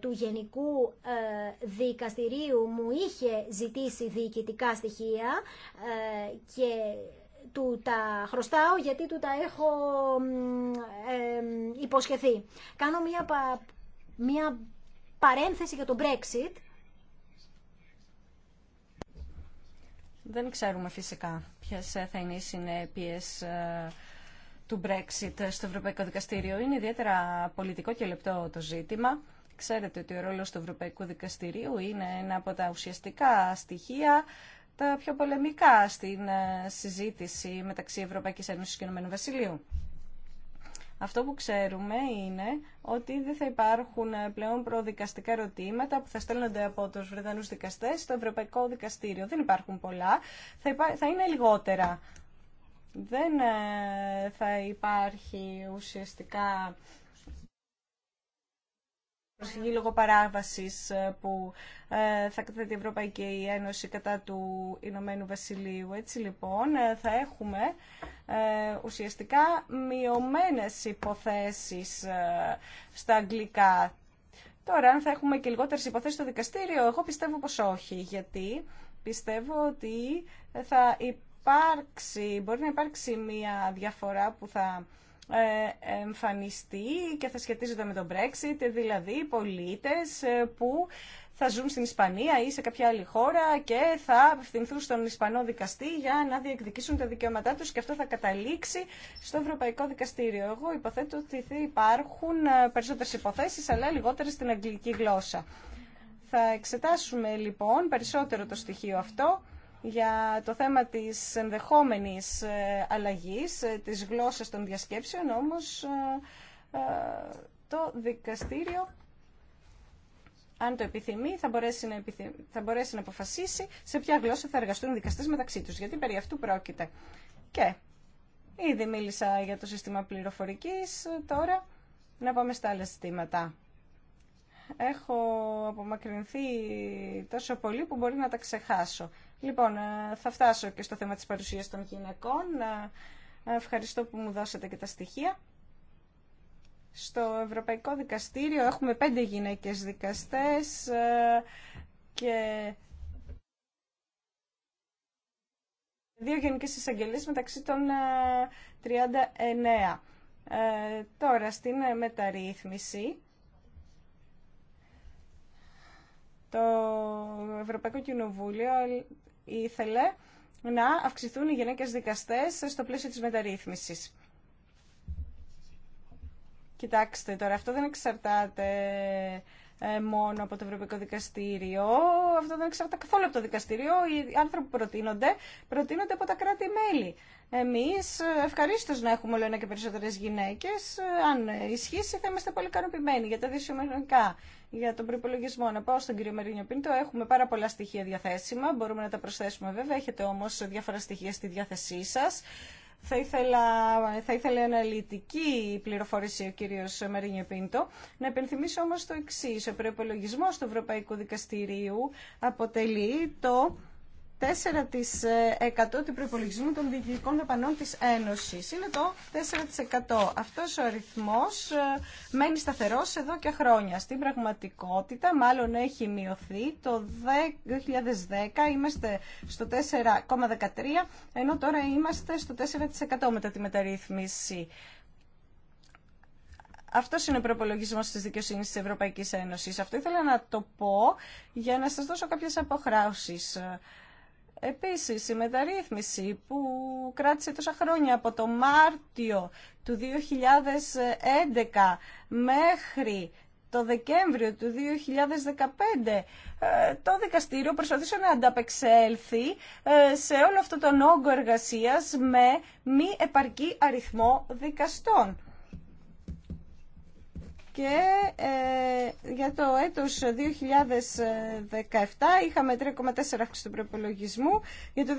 του Γενικού ε, Δικαστηρίου μου είχε ζητήσει διοικητικά στοιχεία ε, και του τα χρωστάω γιατί του τα έχω υποσχεθεί. Κάνω μια, πα, μια παρένθεση για το Brexit. Δεν ξέρουμε φυσικά ποιες θα είναι οι συνέπειες ε, του Brexit στο Ευρωπαϊκό Δικαστήριο. Είναι ιδιαίτερα πολιτικό και λεπτό το ζήτημα. Ξέρετε ότι ο ρόλος του Ευρωπαϊκού Δικαστηρίου είναι ένα από τα ουσιαστικά στοιχεία τα πιο πολεμικά στην ε, συζήτηση μεταξύ Ευρωπαϊκής Ένωσης και Ηνωμένου Βασιλείου. Αυτό που ξέρουμε είναι ότι δεν θα υπάρχουν ε, πλέον προδικαστικά ερωτήματα που θα στέλνονται από τους Βρετανούς δικαστές στο Ευρωπαϊκό Δικαστήριο. Δεν υπάρχουν πολλά, θα, θα είναι λιγότερα. Δεν ε, θα υπάρχει ουσιαστικά προσφυγή λόγω παραβαση ε, που ε, θα καταθέτει η Ευρωπαϊκή Ένωση κατά του Ηνωμένου Βασιλείου. Έτσι λοιπόν ε, θα έχουμε ουσιαστικά μειωμενε υποθέσεις στα αγγλικά. Τώρα αν θα έχουμε και λιγοτερε υποθεσει στο δικαστήριο, εγώ πιστεύω πω όχι, γιατί πιστεύω ότι θα υπάρξει, μπορεί να υπάρξει μια διαφορά που θα ε, εμφανιστεί και θα σχετίζονται με τον Brexit, δηλαδή πολίτες ε, που θα ζουν στην Ισπανία ή σε κάποια άλλη χώρα και θα απευθυνθούν στον Ισπανό δικαστή για να διεκδικήσουν τα δικαιώματά τους και αυτό θα καταλήξει στο Ευρωπαϊκό Δικαστήριο. Εγώ υποθέτω ότι υπάρχουν ε, περισσότερες υποθέσεις αλλά λιγότερες στην αγγλική γλώσσα. Θα εξετάσουμε λοιπόν περισσότερο το στοιχείο αυτό για το θέμα της ενδεχόμενης ε, αλλαγής ε, της γλώσσας των διασκέψεων, όμως ε, το δικαστήριο, αν το επιθυμεί, θα μπορέσει, να θα μπορέσει να αποφασίσει σε ποια γλώσσα θα εργαστούν οι δικαστές μεταξύ τους, γιατί περί αυτού πρόκειται. Και ήδη μίλησα για το σύστημα πληροφορικής, τώρα να πάμε στα άλλα ζητήματα έχω απομακρυνθεί τόσο πολύ που μπορεί να τα ξεχάσω. Λοιπόν, ε, θα φτάσω και στο θέμα της παρουσίας των γυναικών. Ε, ευχαριστώ που μου δώσατε και τα στοιχεία. Στο Ευρωπαϊκό Δικαστήριο έχουμε πέντε γυναίκες δικαστές ε, και δύο γενικές εισαγγελίες μεταξύ των 39. τώρα, στην μεταρρύθμιση Το Ευρωπαϊκό Κοινοβούλιο ήθελε να αυξηθούν οι γυναίκες δικαστές στο πλαίσιο της μεταρρύθμισης. Κοιτάξτε τώρα, αυτό δεν εξαρτάται ε, μόνο από το Ευρωπαϊκό Δικαστήριο. Αυτό δεν εξαρτάται καθόλου από το δικαστήριο. Οι άνθρωποι που προτείνονται, προτείνονται από τα κράτη-μέλη. Εμείς ε, ευχαρίστω να έχουμε όλο ένα και περισσότερε γυναίκε. Ε, αν ισχύσει, θα είμαστε πολύ ικανοποιημένοι για τα δυσιομενικά για τον προπολογισμό. Να πάω στον κύριο Μαρίνιο Πίντο. Έχουμε πάρα πολλά στοιχεία διαθέσιμα. Μπορούμε να τα προσθέσουμε βέβαια. Έχετε όμω διάφορα στοιχεία στη διάθεσή σα. Θα ήθελα, θα ήθελα αναλυτική πληροφόρηση ο κύριο Μαρίνιο Πίντο. Να υπενθυμίσω όμως το εξή. Ο προπολογισμό του Ευρωπαϊκού Δικαστηρίου αποτελεί το 4% του προπολογισμού των διοικητικών δαπανών της Ένωσης. Είναι το 4%. Αυτός ο αριθμός ε, μένει σταθερός εδώ και χρόνια. Στην πραγματικότητα μάλλον έχει μειωθεί. Το 2010 είμαστε στο 4,13 ενώ τώρα είμαστε στο 4% μετά τη μεταρρύθμιση. Αυτό είναι ο προπολογισμό τη δικαιοσύνη τη Ευρωπαϊκή Ένωση. Αυτό ήθελα να το πω για να σα δώσω κάποιε αποχράσει. Επίσης, η μεταρρύθμιση που κράτησε τόσα χρόνια από το Μάρτιο του 2011 μέχρι το Δεκέμβριο του 2015 ε, το δικαστήριο προσπαθούσε να ανταπεξέλθει ε, σε όλο αυτό τον όγκο εργασίας με μη επαρκή αριθμό δικαστών και ε, για το έτος 2017 είχαμε 3,4 αύξηση του προπολογισμού, για το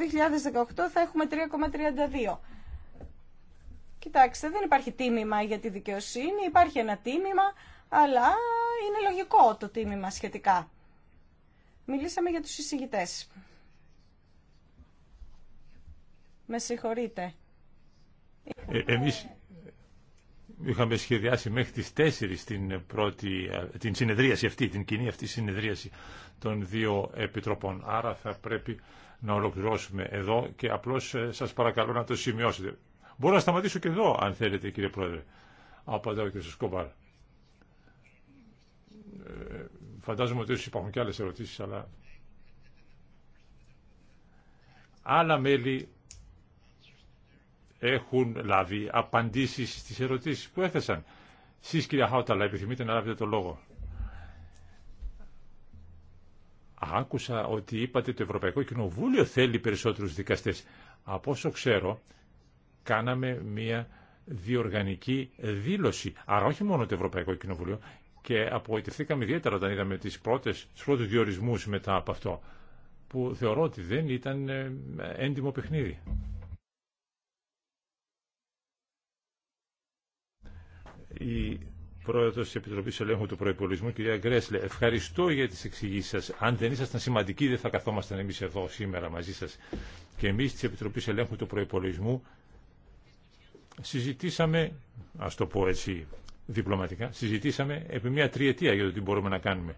2018 θα έχουμε 3,32. Κοιτάξτε, δεν υπάρχει τίμημα για τη δικαιοσύνη, υπάρχει ένα τίμημα, αλλά είναι λογικό το τίμημα σχετικά. Μιλήσαμε για τους εισηγητές. Με συγχωρείτε. Ε, εμείς είχαμε σχεδιάσει μέχρι τις 4 την, πρώτη, ε, την συνεδρίαση αυτή, την κοινή αυτή συνεδρίαση των δύο επιτροπών. Άρα θα πρέπει να ολοκληρώσουμε εδώ και απλώς ε, σας παρακαλώ να το σημειώσετε. Μπορώ να σταματήσω και εδώ αν θέλετε κύριε Πρόεδρε. Απαντάω ο κ. Σκομπάρ. Ε, φαντάζομαι ότι υπάρχουν και άλλες ερωτήσεις, αλλά άλλα μέλη έχουν λάβει απαντήσεις στις ερωτήσεις που έθεσαν. Σεις κυρία Χάουταλα επιθυμείτε να λάβετε το λόγο. Άκουσα ότι είπατε το Ευρωπαϊκό Κοινοβούλιο θέλει περισσότερους δικαστές. Από όσο ξέρω, κάναμε μια διοργανική δήλωση. Άρα όχι μόνο το Ευρωπαϊκό Κοινοβούλιο και απογοητευθήκαμε ιδιαίτερα όταν είδαμε τις πρώτες, τους πρώτους διορισμούς μετά από αυτό που θεωρώ ότι δεν ήταν ε, έντιμο παιχνίδι. η πρόεδρο τη Επιτροπή Ελέγχου του Προπολογισμού, κυρία Γκρέσλε. Ευχαριστώ για τι εξηγήσει σα. Αν δεν ήσασταν σημαντικοί, δεν θα καθόμασταν εμεί εδώ σήμερα μαζί σα. Και εμεί τη Επιτροπή Ελέγχου του Προπολογισμού συζητήσαμε, α το πω έτσι διπλωματικά, συζητήσαμε επί μια τριετία για το τι μπορούμε να κάνουμε.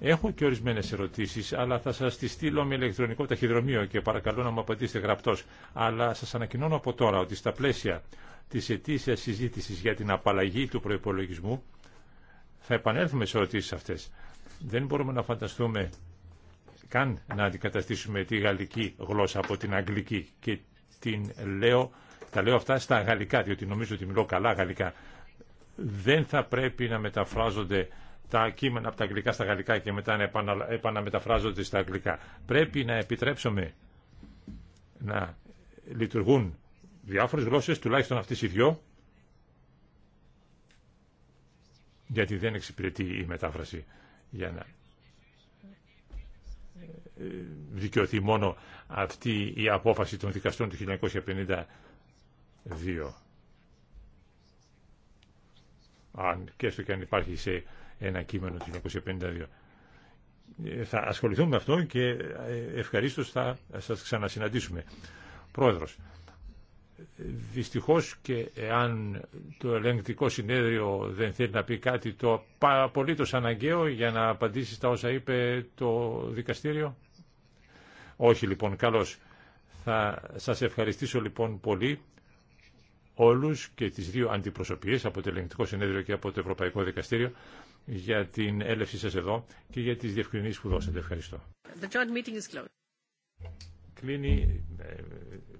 Έχω και ορισμένε ερωτήσει, αλλά θα σα τι στείλω με ηλεκτρονικό ταχυδρομείο και παρακαλώ να μου απαντήσετε γραπτώ. Αλλά σα ανακοινώνω από τώρα ότι στα πλαίσια της ετήσια συζήτησης για την απαλλαγή του προϋπολογισμού θα επανέλθουμε σε ερωτήσεις αυτές. Δεν μπορούμε να φανταστούμε καν να αντικαταστήσουμε τη γαλλική γλώσσα από την αγγλική και την λέω, τα λέω αυτά στα γαλλικά διότι νομίζω ότι μιλώ καλά γαλλικά. Δεν θα πρέπει να μεταφράζονται τα κείμενα από τα αγγλικά στα γαλλικά και μετά να επαναμεταφράζονται στα αγγλικά. Πρέπει να επιτρέψουμε να λειτουργούν διάφορες γλώσσες, τουλάχιστον αυτές οι δυο, γιατί δεν εξυπηρετεί η μετάφραση για να ε, δικαιωθεί μόνο αυτή η απόφαση των δικαστών του 1952. Αν και έστω και αν υπάρχει σε ένα κείμενο του 1952. Ε, θα ασχοληθούμε με αυτό και ε, ευχαρίστως θα σας ξανασυναντήσουμε. Πρόεδρος, δυστυχώς και εάν το ελεγκτικό συνέδριο δεν θέλει να πει κάτι το απολύτως αναγκαίο για να απαντήσει στα όσα είπε το δικαστήριο. Όχι λοιπόν, καλώς. Θα σας ευχαριστήσω λοιπόν πολύ όλους και τις δύο αντιπροσωπείες από το ελεγκτικό συνέδριο και από το Ευρωπαϊκό Δικαστήριο για την έλευση σας εδώ και για τις διευκρινήσεις που δώσατε. Ευχαριστώ. Κλείνει ε, ε,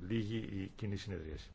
λίγη η κοινή συνεδρίαση.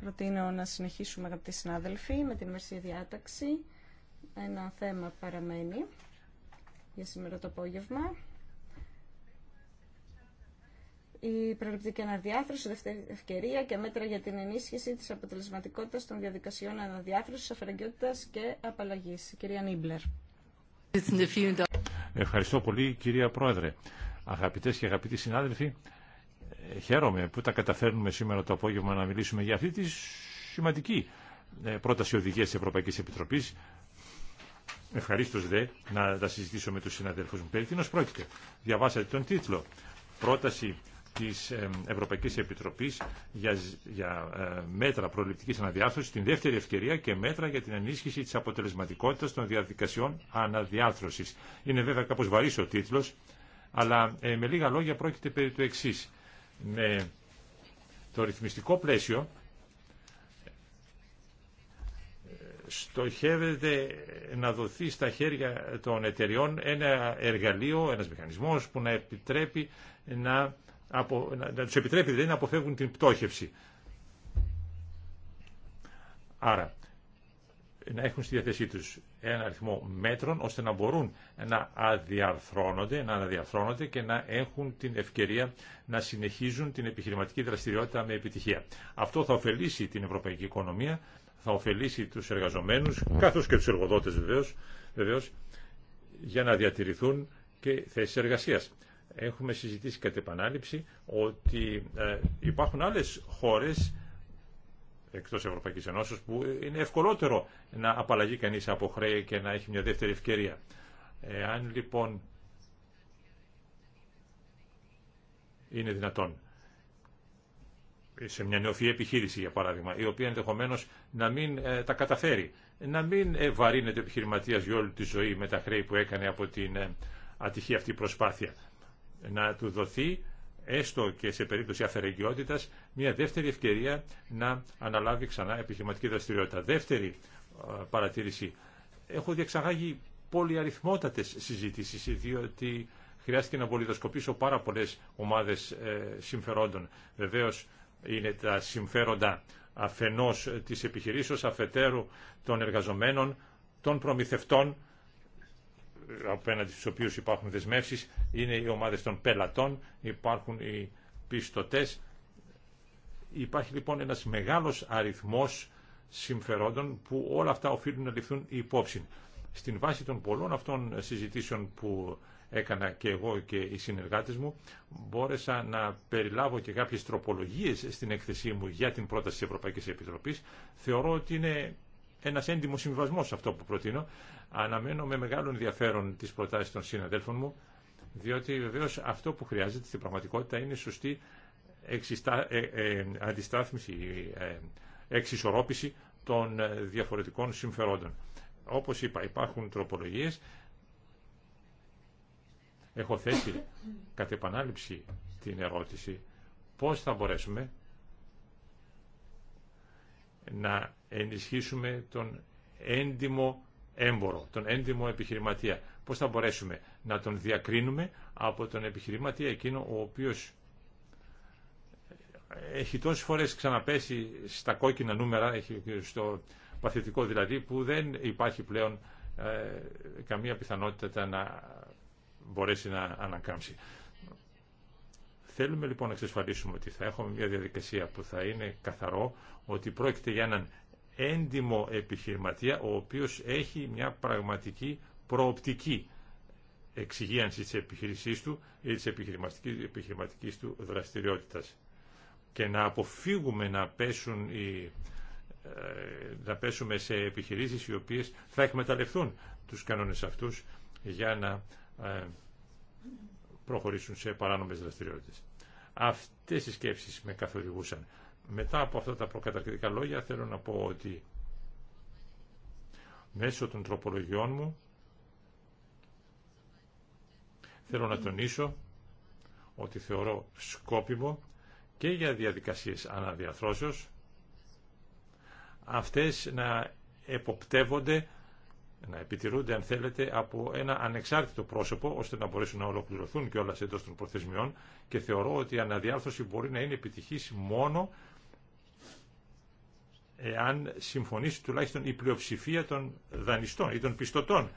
Προτείνω να συνεχίσουμε, αγαπητοί συνάδελφοι, με τη μερσία διάταξη. Ένα θέμα παραμένει για σήμερα το απόγευμα η προληπτική αναδιάθρωση, δεύτερη ευκαιρία και μέτρα για την ενίσχυση τη αποτελεσματικότητα των διαδικασιών αναδιάθρωσης, αφαιρεγκαιότητα και απαλλαγή. Κυρία Νίμπλερ. Ευχαριστώ πολύ κυρία Πρόεδρε. Αγαπητέ και αγαπητοί συνάδελφοι, ε, χαίρομαι που τα καταφέρνουμε σήμερα το απόγευμα να μιλήσουμε για αυτή τη σημαντική ε, πρόταση οδηγία τη Ευρωπαϊκή Επιτροπή. Ευχαρίστω δε να τα συζητήσω με του συναδέλφου μου. Περί τίνο πρόκειται. Διαβάσατε τον τίτλο. Πρόταση της ε, Ευρωπαϊκής Επιτροπής για, για ε, μέτρα προληπτικής αναδιάρθρωσης, την δεύτερη ευκαιρία και μέτρα για την ενίσχυση της αποτελεσματικότητας των διαδικασιών αναδιάρθρωσης. Είναι βέβαια κάπως βαρύς ο τίτλος, αλλά ε, με λίγα λόγια πρόκειται περί του εξής. Με το ρυθμιστικό πλαίσιο στοχεύεται να δοθεί στα χέρια των εταιριών ένα εργαλείο, ένας μηχανισμός που να επιτρέπει να απο, να, να τους επιτρέπει δηλαδή να αποφεύγουν την πτώχευση. Άρα, να έχουν στη διαθέσή τους ένα αριθμό μέτρων ώστε να μπορούν να αδιαρθρώνονται, να αναδιαρθρώνονται και να έχουν την ευκαιρία να συνεχίζουν την επιχειρηματική δραστηριότητα με επιτυχία. Αυτό θα ωφελήσει την ευρωπαϊκή οικονομία, θα ωφελήσει τους εργαζομένους, καθώς και τους εργοδότες βεβαίως, βεβαίως για να διατηρηθούν και θέσεις εργασίας. Έχουμε συζητήσει κατ' επανάληψη ότι ε, υπάρχουν άλλες χώρες εκτός Ευρωπαϊκής Ενώσεως που είναι ευκολότερο να απαλλαγεί κανείς από χρέη και να έχει μια δεύτερη ευκαιρία. Αν λοιπόν είναι δυνατόν σε μια νεοφυή επιχείρηση για παράδειγμα, η οποία ενδεχομένως να μην ε, τα καταφέρει, να μην ε, βαρύνεται ο επιχειρηματίας για όλη τη ζωή με τα χρέη που έκανε από την ε, ατυχή αυτή προσπάθεια να του δοθεί έστω και σε περίπτωση αφαιρεγγιότητας, μια δεύτερη ευκαιρία να αναλάβει ξανά επιχειρηματική δραστηριότητα. Δεύτερη ε, παρατήρηση. Έχω διεξαγάγει πολυαριθμότατες συζήτησεις, διότι χρειάστηκε να πολυδοσκοπήσω πάρα πολλές ομάδες ε, συμφερόντων. Βεβαίως είναι τα συμφέροντα αφενός της επιχειρήσεως, αφετέρου των εργαζομένων, των προμηθευτών, απέναντι στους οποίους υπάρχουν δεσμεύσεις είναι οι ομάδες των πελατών, υπάρχουν οι πιστωτές. Υπάρχει λοιπόν ένας μεγάλος αριθμός συμφερόντων που όλα αυτά οφείλουν να ληφθούν υπόψη. Στην βάση των πολλών αυτών συζητήσεων που έκανα και εγώ και οι συνεργάτες μου, μπόρεσα να περιλάβω και κάποιες τροπολογίες στην έκθεσή μου για την πρόταση της Ευρωπαϊκής Επιτροπής. Θεωρώ ότι είναι ένα έντιμο συμβασμό αυτό που προτείνω. Αναμένω με μεγάλο ενδιαφέρον τι προτάσει των συναδέλφων μου, διότι βεβαίω αυτό που χρειάζεται στην πραγματικότητα είναι σωστή εξιστα... ε, ε αντιστάθμιση, ε, ε, εξισορρόπηση των ε, διαφορετικών συμφερόντων. Όπως είπα, υπάρχουν τροπολογίες. Έχω θέσει κατ' επανάληψη την ερώτηση πώς θα μπορέσουμε να ενισχύσουμε τον έντιμο έμπορο, τον έντιμο επιχειρηματία. Πώς θα μπορέσουμε να τον διακρίνουμε από τον επιχειρηματία εκείνο ο οποίος έχει τόσες φορές ξαναπέσει στα κόκκινα νούμερα, στο παθητικό δηλαδή, που δεν υπάρχει πλέον ε, καμία πιθανότητα να μπορέσει να ανακάμψει. Θέλουμε λοιπόν να εξασφαλίσουμε ότι θα έχουμε μια διαδικασία που θα είναι καθαρό, ότι πρόκειται για έναν έντιμο επιχειρηματία ο οποίος έχει μια πραγματική προοπτική εξυγίανση της επιχείρησής του ή της επιχειρηματικής του δραστηριότητας και να αποφύγουμε να, πέσουν ε, να πέσουμε σε επιχειρήσεις οι οποίες θα εκμεταλλευτούν τους κανόνες αυτούς για να ε, προχωρήσουν σε παράνομες δραστηριότητες. Αυτές οι σκέψεις με καθοδηγούσαν. Μετά από αυτά τα προκατακριτικά λόγια θέλω να πω ότι μέσω των τροπολογιών μου θέλω να τονίσω ότι θεωρώ σκόπιμο και για διαδικασίες αναδιαθρώσεως αυτές να εποπτεύονται, να επιτηρούνται αν θέλετε από ένα ανεξάρτητο πρόσωπο ώστε να μπορέσουν να ολοκληρωθούν και όλα εντός των προθεσμιών και θεωρώ ότι η αναδιάρθρωση μπορεί να είναι επιτυχής μόνο εάν συμφωνήσει τουλάχιστον η πλειοψηφία των δανειστών ή των πιστωτών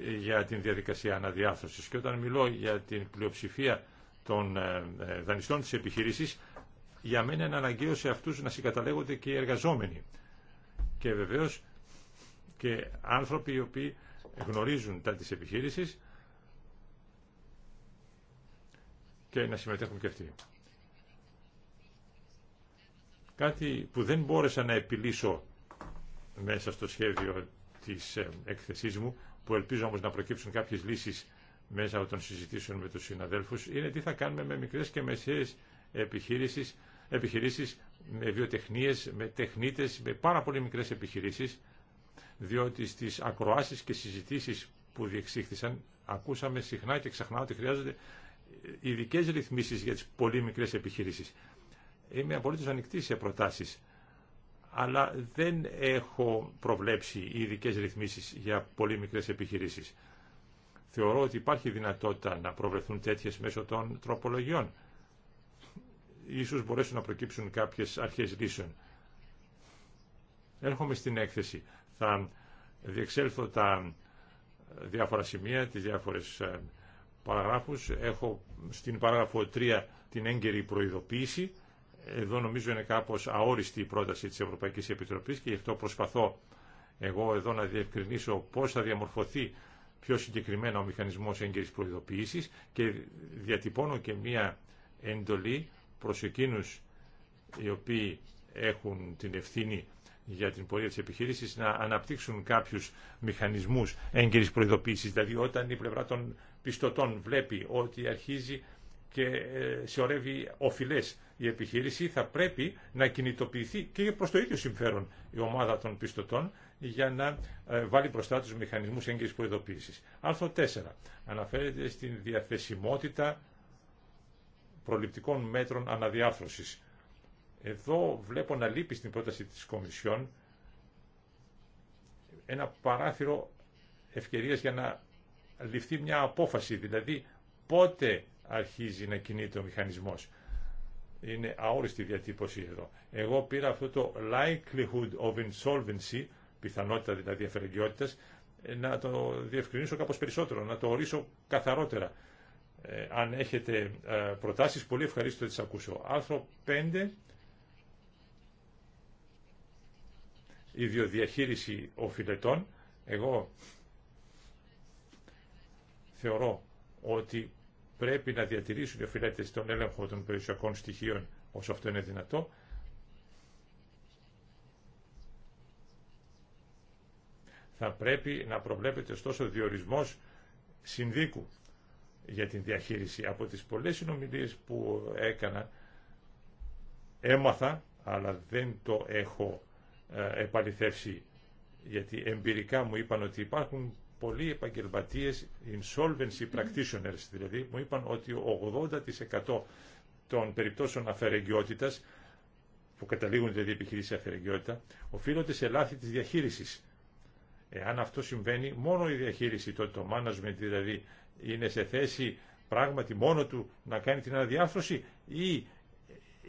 ε, για την διαδικασία αναδιάθρωσης. Και όταν μιλώ για την πλειοψηφία των ε, ε, δανειστών της επιχείρησης, για μένα είναι αναγκαίο σε αυτούς να συγκαταλέγονται και οι εργαζόμενοι. Και βεβαίως και άνθρωποι οι οποίοι γνωρίζουν τα της επιχείρησης και να συμμετέχουν και αυτοί. Κάτι που δεν μπόρεσα να επιλύσω μέσα στο σχέδιο της εκθεσής μου, που ελπίζω όμως να προκύψουν κάποιες λύσεις μέσα από τον συζητήσεων με τους συναδέλφους, είναι τι θα κάνουμε με μικρές και μεσαίες επιχειρήσεις, επιχειρήσεις με βιοτεχνίες, με τεχνίτες, με πάρα πολύ μικρές επιχειρήσεις, διότι στις ακροάσεις και συζητήσεις που διεξήχθησαν, ακούσαμε συχνά και ξεχνά ότι χρειάζονται ειδικέ ρυθμίσεις για τις πολύ μικρές επιχειρήσεις. Είμαι απολύτω ανοιχτή σε προτάσει. Αλλά δεν έχω προβλέψει ειδικέ ρυθμίσει για πολύ μικρέ επιχειρήσει. Θεωρώ ότι υπάρχει δυνατότητα να προβλεφθούν τέτοιε μέσω των τροπολογιών. Ίσως μπορέσουν να προκύψουν κάποιες αρχές λύσεων. Έρχομαι στην έκθεση. Θα διεξέλθω τα διάφορα σημεία, τις διάφορες ε, παραγράφους. Έχω στην παράγραφο 3 την έγκαιρη προειδοποίηση. Εδώ νομίζω είναι κάπως αόριστη η πρόταση της Ευρωπαϊκής Επιτροπής και γι' αυτό προσπαθώ εγώ εδώ να διευκρινίσω πώς θα διαμορφωθεί πιο συγκεκριμένα ο μηχανισμός έγκαιρης προειδοποίησης και διατυπώνω και μία εντολή προς εκείνους οι οποίοι έχουν την ευθύνη για την πορεία της επιχείρησης να αναπτύξουν κάποιους μηχανισμούς έγκαιρης προειδοποίησης. Δηλαδή όταν η πλευρά των πιστωτών βλέπει ότι αρχίζει και ε, σιωρεύει οφειλές η επιχείρηση, θα πρέπει να κινητοποιηθεί και προς το ίδιο συμφέρον η ομάδα των πιστωτών για να ε, βάλει μπροστά τους μηχανισμούς έγκαιρης προειδοποίησης. Άρθρο 4. Αναφέρεται στην διαθεσιμότητα προληπτικών μέτρων αναδιάρθρωσης. Εδώ βλέπω να λείπει στην πρόταση της Κομισιόν ένα παράθυρο ευκαιρίας για να ληφθεί μια απόφαση, δηλαδή πότε αρχίζει να κινείται ο μηχανισμός. Είναι αόριστη διατύπωση εδώ. Εγώ πήρα αυτό το likelihood of insolvency, πιθανότητα δηλαδή ε, να το διευκρινίσω κάπως περισσότερο, να το ορίσω καθαρότερα. Ε, αν έχετε ε, προτάσεις, πολύ ευχαρίστω να τις ακούσω. Άρθρο 5, ιδιοδιαχείριση οφειλετών. Εγώ θεωρώ ότι πρέπει να διατηρήσουν οι στον τον έλεγχο των περιουσιακών στοιχείων όσο αυτό είναι δυνατό. Θα πρέπει να προβλέπεται ωστόσο διορισμός συνδίκου για την διαχείριση. Από τις πολλές συνομιλίες που έκανα έμαθα, αλλά δεν το έχω ε, επαληθεύσει γιατί εμπειρικά μου είπαν ότι υπάρχουν πολλοί επαγγελματίες, insolvency practitioners δηλαδή, μου είπαν ότι 80% των περιπτώσεων αφαιρεγγιότητας, που καταλήγουν δηλαδή επιχειρήσει αφαιρεγγιότητα, οφείλονται σε λάθη της διαχείρισης. Εάν αυτό συμβαίνει, μόνο η διαχείριση, το, το management δηλαδή, είναι σε θέση πράγματι μόνο του να κάνει την αναδιάρθρωση ή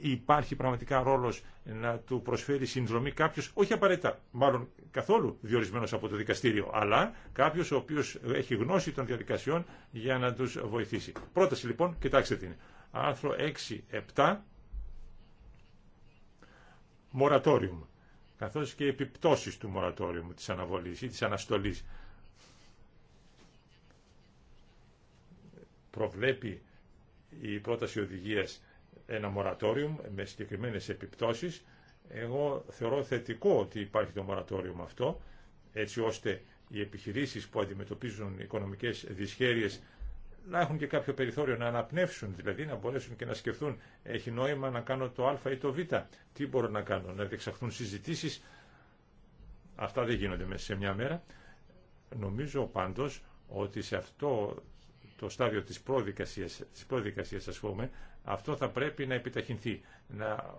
υπάρχει πραγματικά ρόλος να του προσφέρει συνδρομή κάποιος, όχι απαραίτητα, μάλλον καθόλου διορισμένος από το δικαστήριο, αλλά κάποιος ο οποίος έχει γνώση των διαδικασιών για να τους βοηθήσει. Πρόταση λοιπόν, κοιτάξτε την. Άρθρο 6-7, μορατόριουμ, καθώς και επιπτώσεις του μορατόριουμ, της αναβολής ή της αναστολής. Προβλέπει η πρόταση οδηγίας ένα μορατόριο με συγκεκριμένες επιπτώσεις. Εγώ θεωρώ θετικό ότι υπάρχει το μορατόριουμ αυτό, έτσι ώστε οι επιχειρήσεις που αντιμετωπίζουν οικονομικές δυσχέρειες να έχουν και κάποιο περιθώριο να αναπνεύσουν, δηλαδή να μπορέσουν και να σκεφτούν έχει νόημα να κάνω το α ή το β, τι μπορώ να κάνω, να διεξαχθούν συζητήσεις. Αυτά δεν γίνονται μέσα σε μια μέρα. Νομίζω πάντως ότι σε αυτό το στάδιο της προδικασίας, της προδικασίας ας πούμε, αυτό θα πρέπει να επιταχυνθεί, να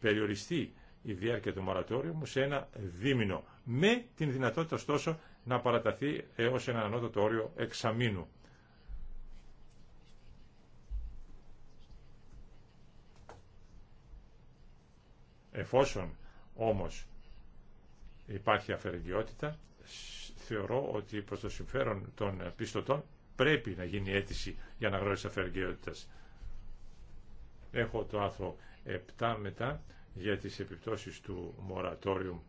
περιοριστεί η διάρκεια του μορατόριου σε ένα δίμηνο, με την δυνατότητα ωστόσο να παραταθεί έως ένα ανώτατο όριο εξαμήνου. Εφόσον όμως υπάρχει αφαιρεγγιότητα, θεωρώ ότι προς το συμφέρον των πιστωτών πρέπει να γίνει αίτηση για αναγνώριση αφαιρεγκαιότητα. Έχω το άρθρο 7 μετά για τις επιπτώσεις του μορατόριου.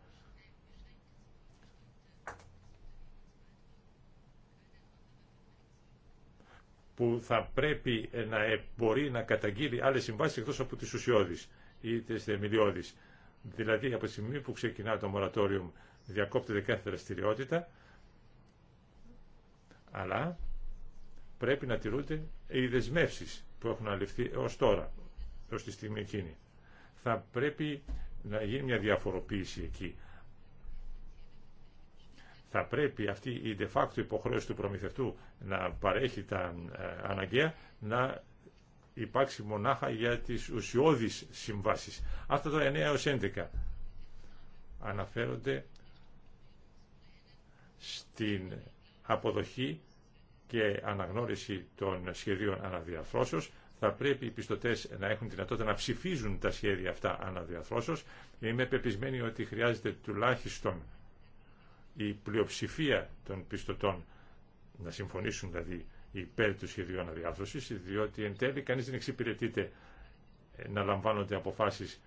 που θα πρέπει να ε, μπορεί να καταγγείλει άλλες συμβάσεις εκτός από τις ουσιώδεις ή τις θεμελιώδεις. Δηλαδή από τη στιγμή που ξεκινά το μορατόριο διακόπτεται κάθε δραστηριότητα, αλλά πρέπει να τηρούνται οι δεσμεύσει που έχουν αληφθεί έως τώρα, έως τη στιγμή εκείνη. Θα πρέπει να γίνει μια διαφοροποίηση εκεί. Θα πρέπει αυτή η de facto υποχρέωση του προμηθευτού να παρέχει τα ε, αναγκαία να υπάρξει μονάχα για τις ουσιώδεις συμβάσεις. Αυτά το 9 έως 11 αναφέρονται στην αποδοχή και αναγνώριση των σχεδίων αναδιαρθρώσεως. Θα πρέπει οι πιστωτές να έχουν δυνατότητα να ψηφίζουν τα σχέδια αυτά αναδιαρθρώσεως. Είμαι πεπισμένη ότι χρειάζεται τουλάχιστον η πλειοψηφία των πιστωτών να συμφωνήσουν δηλαδή υπέρ του σχεδίου αναδιάθρωσης, διότι εν τέλει κανείς δεν εξυπηρετείται ε, να λαμβάνονται αποφάσεις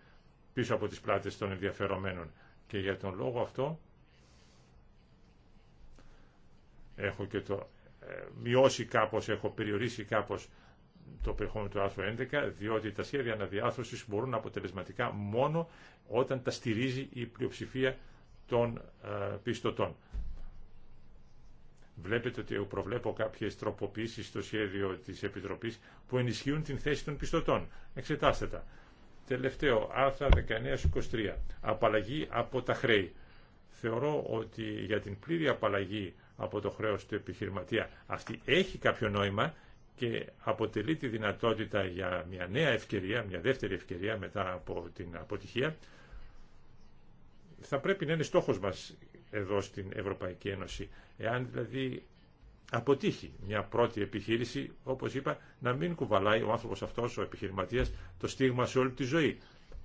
πίσω από τις πλάτες των ενδιαφερομένων. Και για τον λόγο αυτό έχω και το μειώσει κάπως, έχω περιορίσει κάπως το περιεχόμενο του άρθρου 11, διότι τα σχέδια αναδιάρθρωσης μπορούν αποτελεσματικά μόνο όταν τα στηρίζει η πλειοψηφία των ε, πιστωτών. Βλέπετε ότι προβλέπω κάποιες τροποποίησεις στο σχέδιο της Επιτροπής που ενισχύουν την θέση των πιστωτών. Εξετάστε τα. Τελευταίο, άρθρα 19-23. Απαλλαγή από τα χρέη. Θεωρώ ότι για την πλήρη απαλλαγή από το χρέος του επιχειρηματία. Αυτή έχει κάποιο νόημα και αποτελεί τη δυνατότητα για μια νέα ευκαιρία, μια δεύτερη ευκαιρία μετά από την αποτυχία. Θα πρέπει να είναι στόχος μας εδώ στην Ευρωπαϊκή Ένωση. Εάν δηλαδή αποτύχει μια πρώτη επιχείρηση, όπως είπα, να μην κουβαλάει ο άνθρωπος αυτός, ο επιχειρηματίας, το στίγμα σε όλη τη ζωή.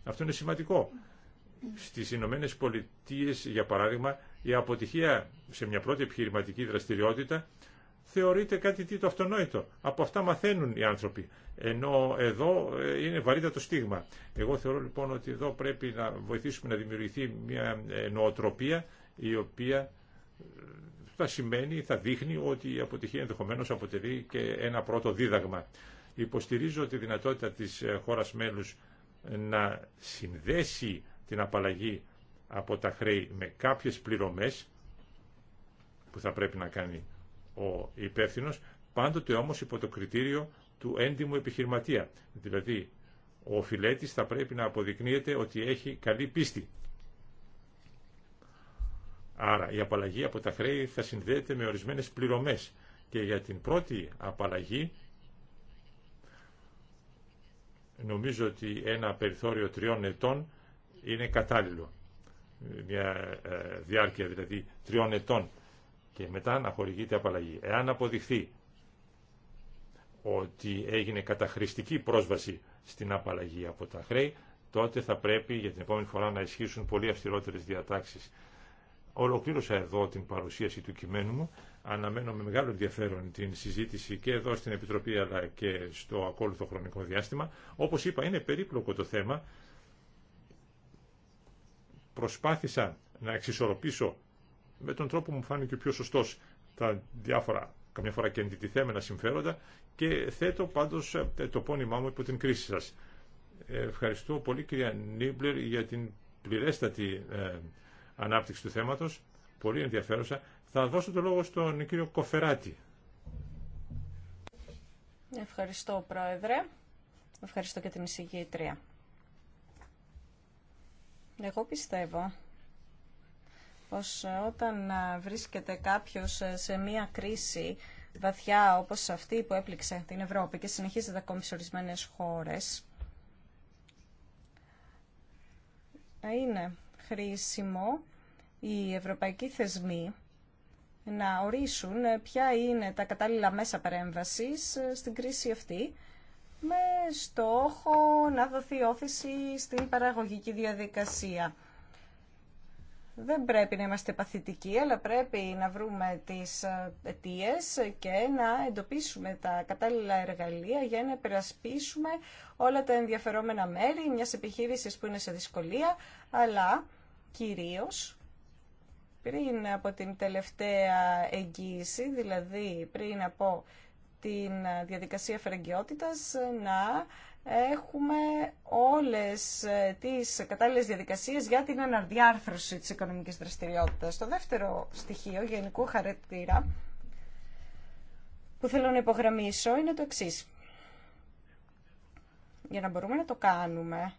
Αυτό είναι σημαντικό. Στις Ηνωμένε Πολιτείε, για παράδειγμα, η αποτυχία σε μια πρώτη επιχειρηματική δραστηριότητα θεωρείται κάτι τι το αυτονόητο. Από αυτά μαθαίνουν οι άνθρωποι. Ενώ εδώ ε, είναι βαρύτατο το στίγμα. Εγώ θεωρώ λοιπόν ότι εδώ πρέπει να βοηθήσουμε να δημιουργηθεί μια ε, νοοτροπία η οποία ε, θα σημαίνει, θα δείχνει ότι η αποτυχία ενδεχομένω αποτελεί και ένα πρώτο δίδαγμα. Υποστηρίζω τη δυνατότητα της χώρας μέλους να συνδέσει την απαλλαγή από τα χρέη με κάποιες πληρωμές που θα πρέπει να κάνει ο υπεύθυνο, πάντοτε όμως υπό το κριτήριο του έντιμου επιχειρηματία. Δηλαδή, ο φιλέτης θα πρέπει να αποδεικνύεται ότι έχει καλή πίστη. Άρα, η απαλλαγή από τα χρέη θα συνδέεται με ορισμένες πληρωμές και για την πρώτη απαλλαγή νομίζω ότι ένα περιθώριο τριών ετών είναι κατάλληλο μια ε, διάρκεια δηλαδή τριών ετών και μετά να χορηγείται απαλλαγή. Εάν αποδειχθεί ότι έγινε καταχρηστική πρόσβαση στην απαλλαγή από τα χρέη, τότε θα πρέπει για την επόμενη φορά να ισχύσουν πολύ αυστηρότερες διατάξεις. Ολοκλήρωσα εδώ την παρουσίαση του κειμένου μου. Αναμένω με μεγάλο ενδιαφέρον την συζήτηση και εδώ στην Επιτροπή αλλά και στο ακόλουθο χρονικό διάστημα. Όπως είπα είναι περίπλοκο το θέμα προσπάθησα να εξισορροπήσω με τον τρόπο που μου φάνηκε πιο σωστός τα διάφορα, καμιά φορά και αντιτιθέμενα συμφέροντα και θέτω πάντως ε, το πόνημά μου υπό την κρίση σας. Ε, ευχαριστώ πολύ κυρία Νίμπλερ για την πληρέστατη ε, ανάπτυξη του θέματος, πολύ ενδιαφέρουσα. Θα δώσω το λόγο στον κύριο Κοφεράτη. Ευχαριστώ Πρόεδρε. Ευχαριστώ και την εισηγήτρια. Εγώ πιστεύω πως όταν βρίσκεται κάποιος σε μία κρίση βαθιά όπως αυτή που έπληξε την Ευρώπη και συνεχίζεται ακόμη σε ορισμένες χώρες, είναι χρήσιμο οι ευρωπαϊκοί θεσμοί να ορίσουν ποια είναι τα κατάλληλα μέσα παρέμβασης στην κρίση αυτή με στόχο να δοθεί όθηση στην παραγωγική διαδικασία. Δεν πρέπει να είμαστε παθητικοί, αλλά πρέπει να βρούμε τις ε, αιτίε και να εντοπίσουμε τα κατάλληλα εργαλεία για να περασπίσουμε όλα τα ενδιαφερόμενα μέρη μιας επιχείρησης που είναι σε δυσκολία, αλλά κυρίως πριν από την τελευταία εγγύηση, δηλαδή πριν από την διαδικασία φερεγγιότητας να έχουμε όλες τις κατάλληλες διαδικασίες για την αναδιάρθρωση της οικονομικής δραστηριότητας. Το δεύτερο στοιχείο γενικού χαρακτήρα που θέλω να υπογραμμίσω είναι το εξής. Για να μπορούμε να το κάνουμε,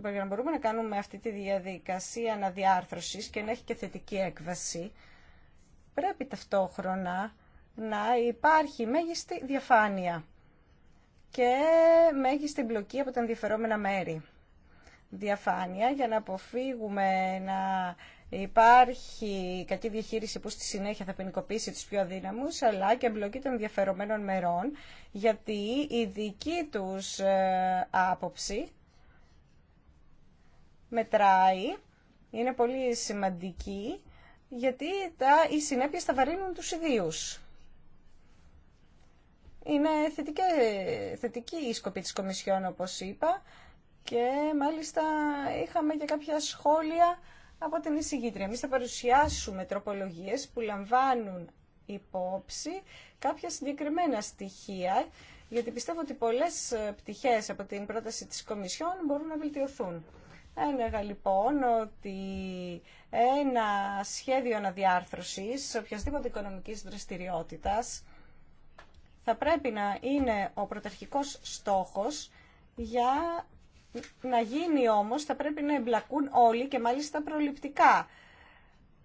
για να μπορούμε να κάνουμε αυτή τη διαδικασία αναδιάρθρωσης και να έχει και θετική έκβαση, πρέπει ταυτόχρονα να υπάρχει μέγιστη διαφάνεια και μέγιστη μπλοκή από τα ενδιαφερόμενα μέρη. Διαφάνεια για να αποφύγουμε να υπάρχει κακή διαχείριση που στη συνέχεια θα ποινικοποιήσει τους πιο αδύναμους, αλλά και εμπλοκή των ενδιαφερομένων μερών, γιατί η δική τους ε, άποψη μετράει, είναι πολύ σημαντική, γιατί τα, οι συνέπειες θα βαρύνουν τους ιδίους. Είναι θετική, θετική η σκοπή της Κομισιόν, όπως είπα, και μάλιστα είχαμε και κάποια σχόλια από την εισηγήτρια. Εμείς θα παρουσιάσουμε τροπολογίες που λαμβάνουν υπόψη κάποια συγκεκριμένα στοιχεία, γιατί πιστεύω ότι πολλές ε, πτυχές από την πρόταση της Κομισιόν μπορούν να βελτιωθούν. Έλεγα λοιπόν ότι ένα σχέδιο αναδιάρθρωσης οποιασδήποτε οικονομικής δραστηριότητας θα πρέπει να είναι ο πρωταρχικός στόχος για να γίνει όμως θα πρέπει να εμπλακούν όλοι και μάλιστα προληπτικά.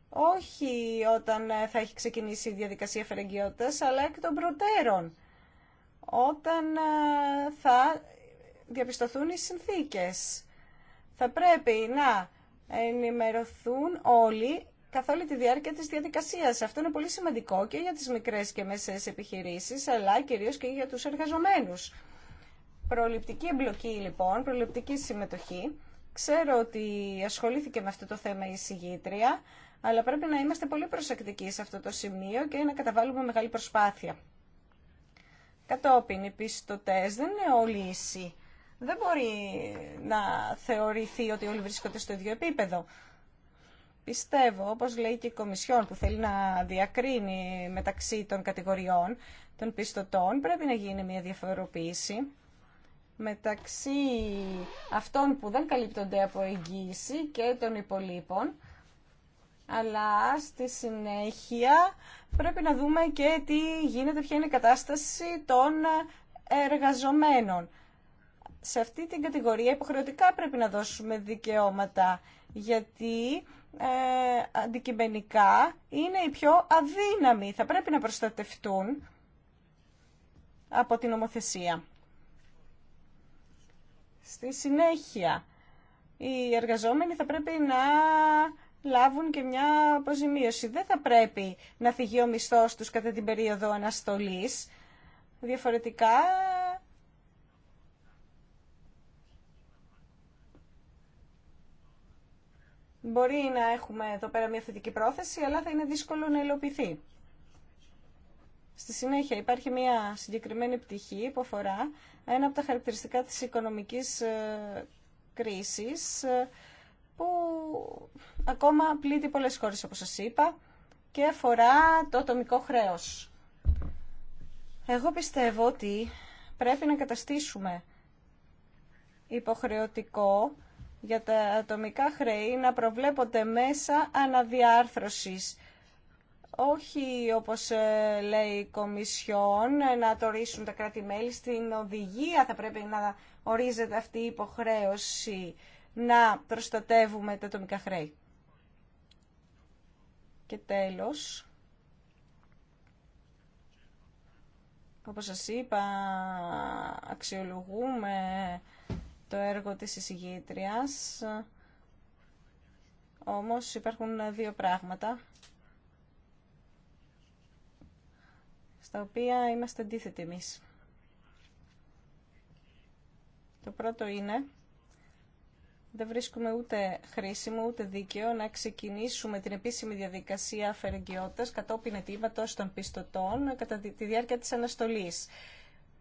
Όχι όταν θα έχει ξεκινήσει η διαδικασία φερεγγιότητας, αλλά εκ των προτέρων. Όταν θα διαπιστωθούν οι συνθήκες. Θα πρέπει να ενημερωθούν όλοι καθ' όλη τη διάρκεια της διαδικασίας. Αυτό είναι πολύ σημαντικό και για τις μικρές και μέσες επιχειρήσεις, αλλά κυρίως και για τους εργαζομένους. Προληπτική εμπλοκή λοιπόν, προληπτική συμμετοχή. Ξέρω ότι ασχολήθηκε με αυτό το θέμα η συγγήτρια, αλλά πρέπει να είμαστε πολύ προσεκτικοί σε αυτό το σημείο και να καταβάλουμε μεγάλη προσπάθεια. Κατόπιν, οι πιστωτέ δεν είναι όλοι ίσοι. Δεν μπορεί να θεωρηθεί ότι όλοι βρίσκονται στο ίδιο επίπεδο. Πιστεύω, όπως λέει και η Κομισιόν που θέλει να διακρίνει μεταξύ των κατηγοριών των πιστωτών, πρέπει να γίνει μια διαφοροποίηση μεταξύ αυτών που δεν καλύπτονται από εγγύηση και των υπολείπων. Αλλά στη συνέχεια πρέπει να δούμε και τι γίνεται, ποια είναι η κατάσταση των εργαζομένων. Σε αυτή την κατηγορία υποχρεωτικά πρέπει να δώσουμε δικαιώματα, γιατί ε, αντικειμενικά είναι οι πιο αδύναμοι. Θα πρέπει να προστατευτούν από την ομοθεσία. Στη συνέχεια, οι εργαζόμενοι θα πρέπει να λάβουν και μια αποζημίωση. Δεν θα πρέπει να φυγεί ο μισθός τους κατά την περίοδο αναστολής. Διαφορετικά Μπορεί να έχουμε εδώ πέρα μια θετική πρόθεση, αλλά θα είναι δύσκολο να υλοποιηθεί. Στη συνέχεια υπάρχει μια συγκεκριμένη πτυχή που αφορά ένα από τα χαρακτηριστικά της οικονομικής ε, κρίσης ε, που ακόμα πλήττει πολλές χώρες όπως σας είπα και αφορά το ατομικό χρέος. Εγώ πιστεύω ότι πρέπει να καταστήσουμε υποχρεωτικό για τα ατομικά χρέη να προβλέπονται μέσα αναδιάρθρωσης. Όχι, όπως ε, λέει η Κομισιόν, ε, να το ορίσουν τα κράτη-μέλη. Στην οδηγία θα πρέπει να ορίζεται αυτή η υποχρέωση να προστατεύουμε τα ατομικά χρέη. Και τέλος, όπως σας είπα, αξιολογούμε το έργο της εισηγήτριας. Όμως υπάρχουν δύο πράγματα στα οποία είμαστε αντίθετοι εμείς. Το πρώτο είναι δεν βρίσκουμε ούτε χρήσιμο ούτε δίκαιο να ξεκινήσουμε την επίσημη διαδικασία αφαιρεγγιότητας κατόπιν ετήματος των πιστωτών κατά τη διάρκεια της αναστολής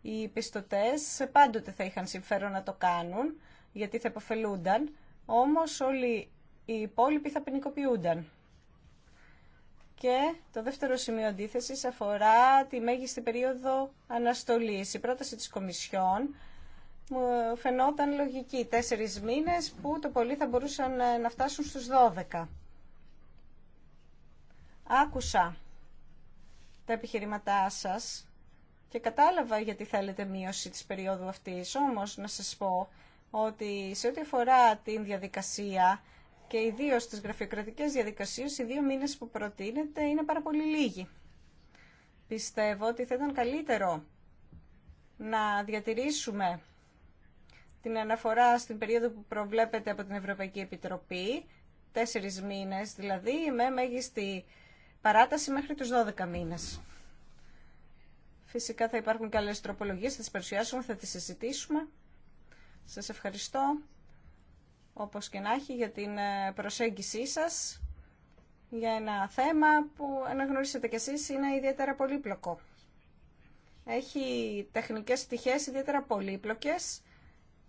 οι πιστωτέ πάντοτε θα είχαν συμφέρον να το κάνουν, γιατί θα υποφελούνταν, όμως όλοι οι υπόλοιποι θα ποινικοποιούνταν. Και το δεύτερο σημείο αντίθεσης αφορά τη μέγιστη περίοδο αναστολής. Η πρόταση της Κομισιόν μου φαινόταν λογική. Τέσσερις μήνες που το πολύ θα μπορούσαν ε, να φτάσουν στους 12. Άκουσα τα επιχειρήματά σας και κατάλαβα γιατί θέλετε μείωση της περίοδου αυτής. Όμως να σας πω ότι σε ό,τι αφορά την διαδικασία και ιδίω τις γραφειοκρατικές διαδικασίες, οι δύο μήνες που προτείνεται είναι πάρα πολύ λίγοι. Πιστεύω ότι θα ήταν καλύτερο να διατηρήσουμε την αναφορά στην περίοδο που προβλέπεται από την Ευρωπαϊκή Επιτροπή, τέσσερις μήνες δηλαδή, με μέγιστη παράταση μέχρι τους 12 μήνες. Φυσικά θα υπάρχουν και άλλες τροπολογίες, θα τις παρουσιάσουμε, θα τις συζητήσουμε. Σας ευχαριστώ, όπως και να έχει, για την ε, προσέγγισή σας για ένα θέμα που αναγνωρίσετε κι εσείς είναι ιδιαίτερα πολύπλοκο. Έχει τεχνικές στοιχές ιδιαίτερα πολύπλοκες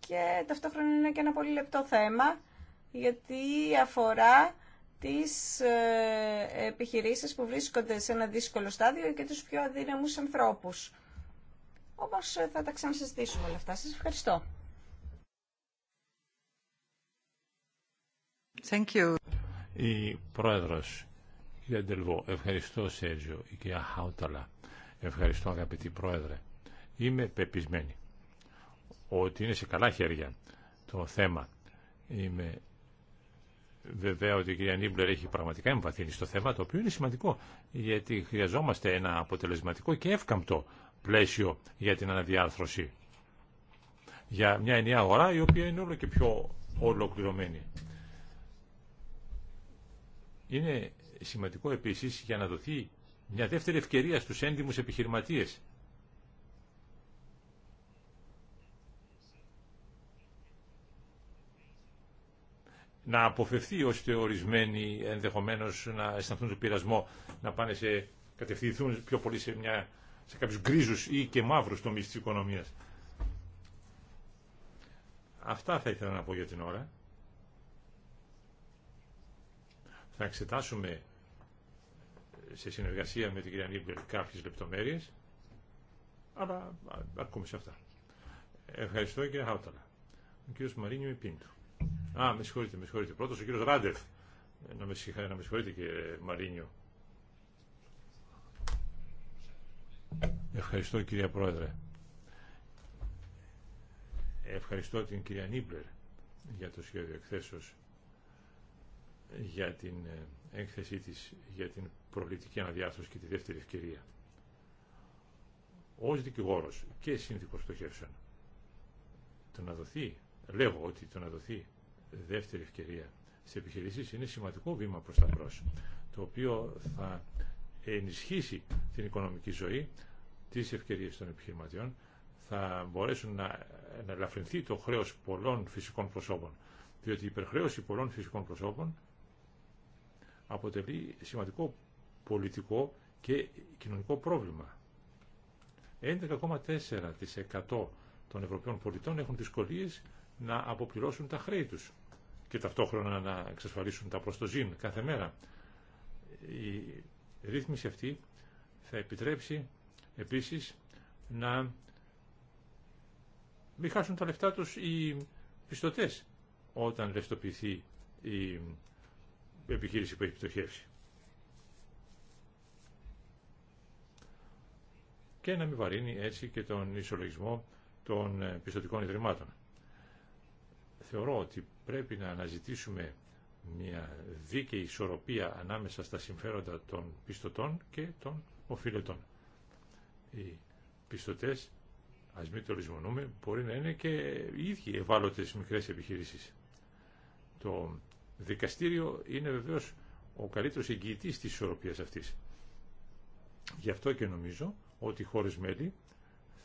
και ταυτόχρονα είναι και ένα πολύ λεπτό θέμα γιατί αφορά τις ε, επιχειρήσεις που βρίσκονται σε ένα δύσκολο στάδιο και τους πιο αδύναμους ανθρώπους. Όμως ε, θα τα ξανασυζητήσουμε όλα αυτά. Σας ευχαριστώ. Thank you. Η Πρόεδρος, κυρία Ντελβό, ευχαριστώ Σέζιο, η κυρία Χάουταλα, ευχαριστώ αγαπητή Πρόεδρε. Είμαι πεπισμένη ότι είναι σε καλά χέρια το θέμα. Είμαι Βεβαίω ότι η κυρία Νίμπλερ έχει πραγματικά εμβαθύνει στο θέμα, το οποίο είναι σημαντικό, γιατί χρειαζόμαστε ένα αποτελεσματικό και εύκαμπτο πλαίσιο για την αναδιάρθρωση. Για μια ενιαία αγορά η οποία είναι όλο και πιο ολοκληρωμένη. Είναι σημαντικό επίσης για να δοθεί μια δεύτερη ευκαιρία στους έντιμου επιχειρηματίες να αποφευθεί ώστε ορισμένοι ενδεχομένω να αισθανθούν τον πειρασμό να πάνε σε, κατευθυνθούν πιο πολύ σε, μια, σε κάποιους γκρίζους ή και μαύρους τομείς της οικονομίας. Αυτά θα ήθελα να πω για την ώρα. Θα εξετάσουμε σε συνεργασία με την κυρία Νίμπερ κάποιες λεπτομέρειες, αλλά αρκούμε σε αυτά. Ευχαριστώ κύριε Χάουταλα. Ο κύριος Μαρίνιου Επίντου. Α, με συγχωρείτε, με συγχωρείτε. Πρώτος ο κύριος Ράντεφ. Ε, να με, να με συγχωρείτε κύριε Μαρίνιο. Ευχαριστώ κυρία Πρόεδρε. Ευχαριστώ την κυρία Νίμπλερ για το σχέδιο εκθέσεως για την ε, έκθεσή της για την προβλητική αναδιάρθρωση και τη δεύτερη ευκαιρία. Ως δικηγόρος και σύνδικος στοχεύσεων το να δοθεί Λέγω ότι το να δοθεί δεύτερη ευκαιρία σε επιχειρήσεις είναι σημαντικό βήμα προς τα μπρος, το οποίο θα ενισχύσει την οικονομική ζωή, τις ευκαιρίες των επιχειρηματιών, θα μπορέσουν να, να ελαφρυνθεί το χρέος πολλών φυσικών προσώπων, διότι η υπερχρέωση πολλών φυσικών προσώπων αποτελεί σημαντικό πολιτικό και κοινωνικό πρόβλημα. 11,4% των Ευρωπαίων πολιτών έχουν δυσκολίες να αποπληρώσουν τα χρέη τους και ταυτόχρονα να εξασφαλίσουν τα προστοζήν κάθε μέρα. Η ρύθμιση αυτή θα επιτρέψει επίσης να μην χάσουν τα λεφτά τους οι πιστωτές όταν ρευστοποιηθεί η επιχείρηση που έχει πτωχεύσει. Και να μην βαρύνει έτσι και τον ισολογισμό των πιστοτικών ιδρυμάτων θεωρώ ότι πρέπει να αναζητήσουμε μια δίκαιη ισορροπία ανάμεσα στα συμφέροντα των πιστωτών και των οφειλετών. Οι πιστωτές, ας μην το λησμονούμε, μπορεί να είναι και οι ίδιοι ευάλωτες μικρές επιχειρήσεις. Το δικαστήριο είναι βεβαίως ο καλύτερος εγγυητής της ισορροπίας αυτής. Γι' αυτό και νομίζω ότι οι χώρες μέλη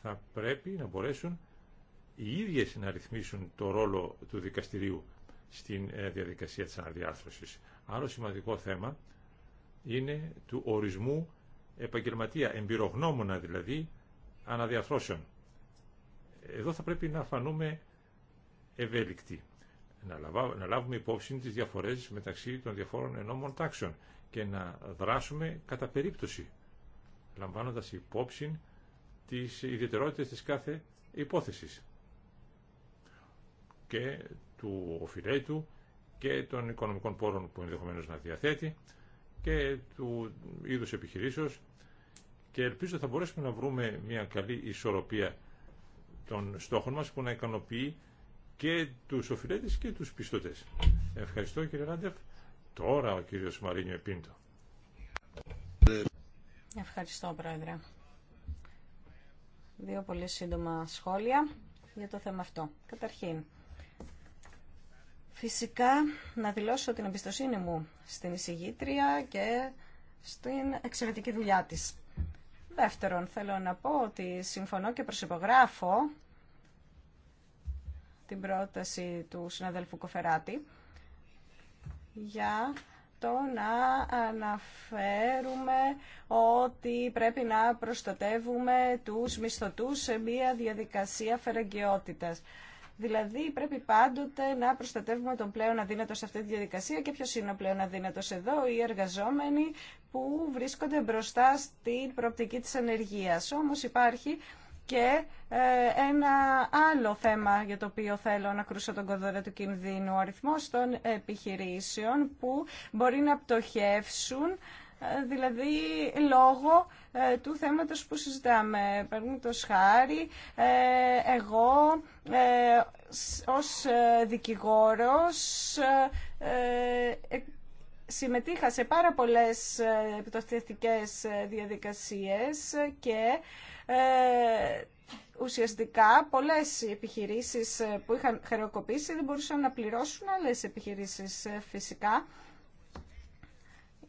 θα πρέπει να μπορέσουν οι ίδιες να ρυθμίσουν το ρόλο του δικαστηρίου στην ε, διαδικασία της αναδιάρθρωσης. Άλλο σημαντικό θέμα είναι του ορισμού επαγγελματία, εμπειρογνώμονα δηλαδή, αναδιαρθρώσεων. Εδώ θα πρέπει να φανούμε ευέλικτοι, να λάβουμε υπόψη τις διαφορές μεταξύ των διαφόρων ενόμων τάξεων και να δράσουμε κατά περίπτωση, λαμβάνοντας υπόψη τις ιδιαιτερότητες της κάθε υπόθεσης και του οφειλέτου και των οικονομικών πόρων που ενδεχομένως να διαθέτει και του είδους επιχειρήσεως και ελπίζω θα μπορέσουμε να βρούμε μια καλή ισορροπία των στόχων μας που να ικανοποιεί και τους οφειλέτες και τους πιστωτές. Ευχαριστώ κύριε Ράντεφ. Τώρα ο κύριος Μαρίνιο Επίντο. Ευχαριστώ πρόεδρε. Δύο πολύ σύντομα σχόλια για το θέμα αυτό. Καταρχήν, Φυσικά να δηλώσω την εμπιστοσύνη μου στην εισηγήτρια και στην εξαιρετική δουλειά της. Δεύτερον, θέλω να πω ότι συμφωνώ και προσυπογράφω την πρόταση του συναδέλφου Κοφεράτη για το να αναφέρουμε ότι πρέπει να προστατεύουμε τους μισθωτούς σε μια διαδικασία φεραγγιότητας. Δηλαδή πρέπει πάντοτε να προστατεύουμε τον πλέον αδύνατο σε αυτή τη διαδικασία και ποιο είναι ο πλέον αδύνατος εδώ, οι εργαζόμενοι που βρίσκονται μπροστά στην προοπτική της ανεργίας. Όμως υπάρχει και ε, ένα άλλο θέμα για το οποίο θέλω να κρούσω τον κοδόρα του κινδύνου, ο αριθμός των επιχειρήσεων που μπορεί να πτωχεύσουν, ε, δηλαδή λόγω ε, του θέματος που συζητάμε. Παραδείγματο χάρη, ε, εγώ ε, ως δικηγόρος συμμετείχα σε πάρα πολλές επιτοθετικές διαδικασίες και ουσιαστικά πολλές επιχειρήσεις που είχαν χρεοκοπήσει δεν μπορούσαν να πληρώσουν άλλες επιχειρήσεις φυσικά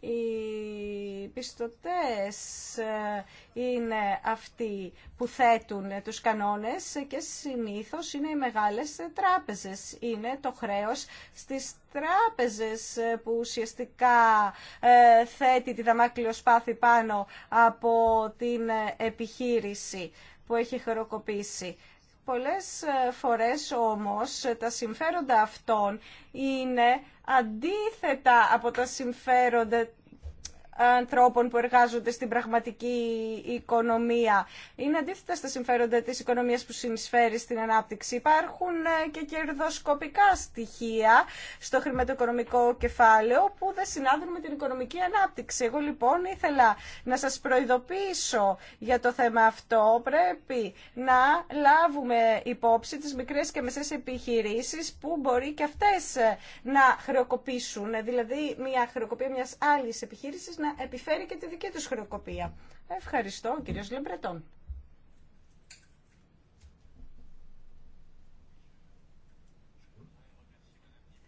οι πιστωτές ε, είναι αυτοί που θέτουν τους κανόνες και συνήθως είναι οι μεγάλες τράπεζες. Είναι το χρέος στις τράπεζες που ουσιαστικά ε, θέτει τη δαμάκλειο σπάθη πάνω από την επιχείρηση που έχει χρεοκοπήσει. Πολλές ε, φορές όμως ε, τα συμφέροντα αυτών είναι αντίθετα από τα συμφέροντα ανθρώπων που εργάζονται στην πραγματική οικονομία. Είναι αντίθετα στα συμφέροντα της οικονομίας που συνεισφέρει στην ανάπτυξη. Υπάρχουν ε, και κερδοσκοπικά στοιχεία στο χρηματοοικονομικό κεφάλαιο που δεν συνάδουν με την οικονομική ανάπτυξη. Εγώ λοιπόν ήθελα να σας προειδοποιήσω για το θέμα αυτό. Πρέπει να λάβουμε υπόψη τις μικρές και μεσές επιχειρήσεις που μπορεί και αυτές ε, να χρεοκοπήσουν. Δηλαδή μια χρεοκοπία μιας άλλης επιχείρησης να επιφέρει και τη δική του χρεοκοπία. Ευχαριστώ, κύριος Λεμπρετών.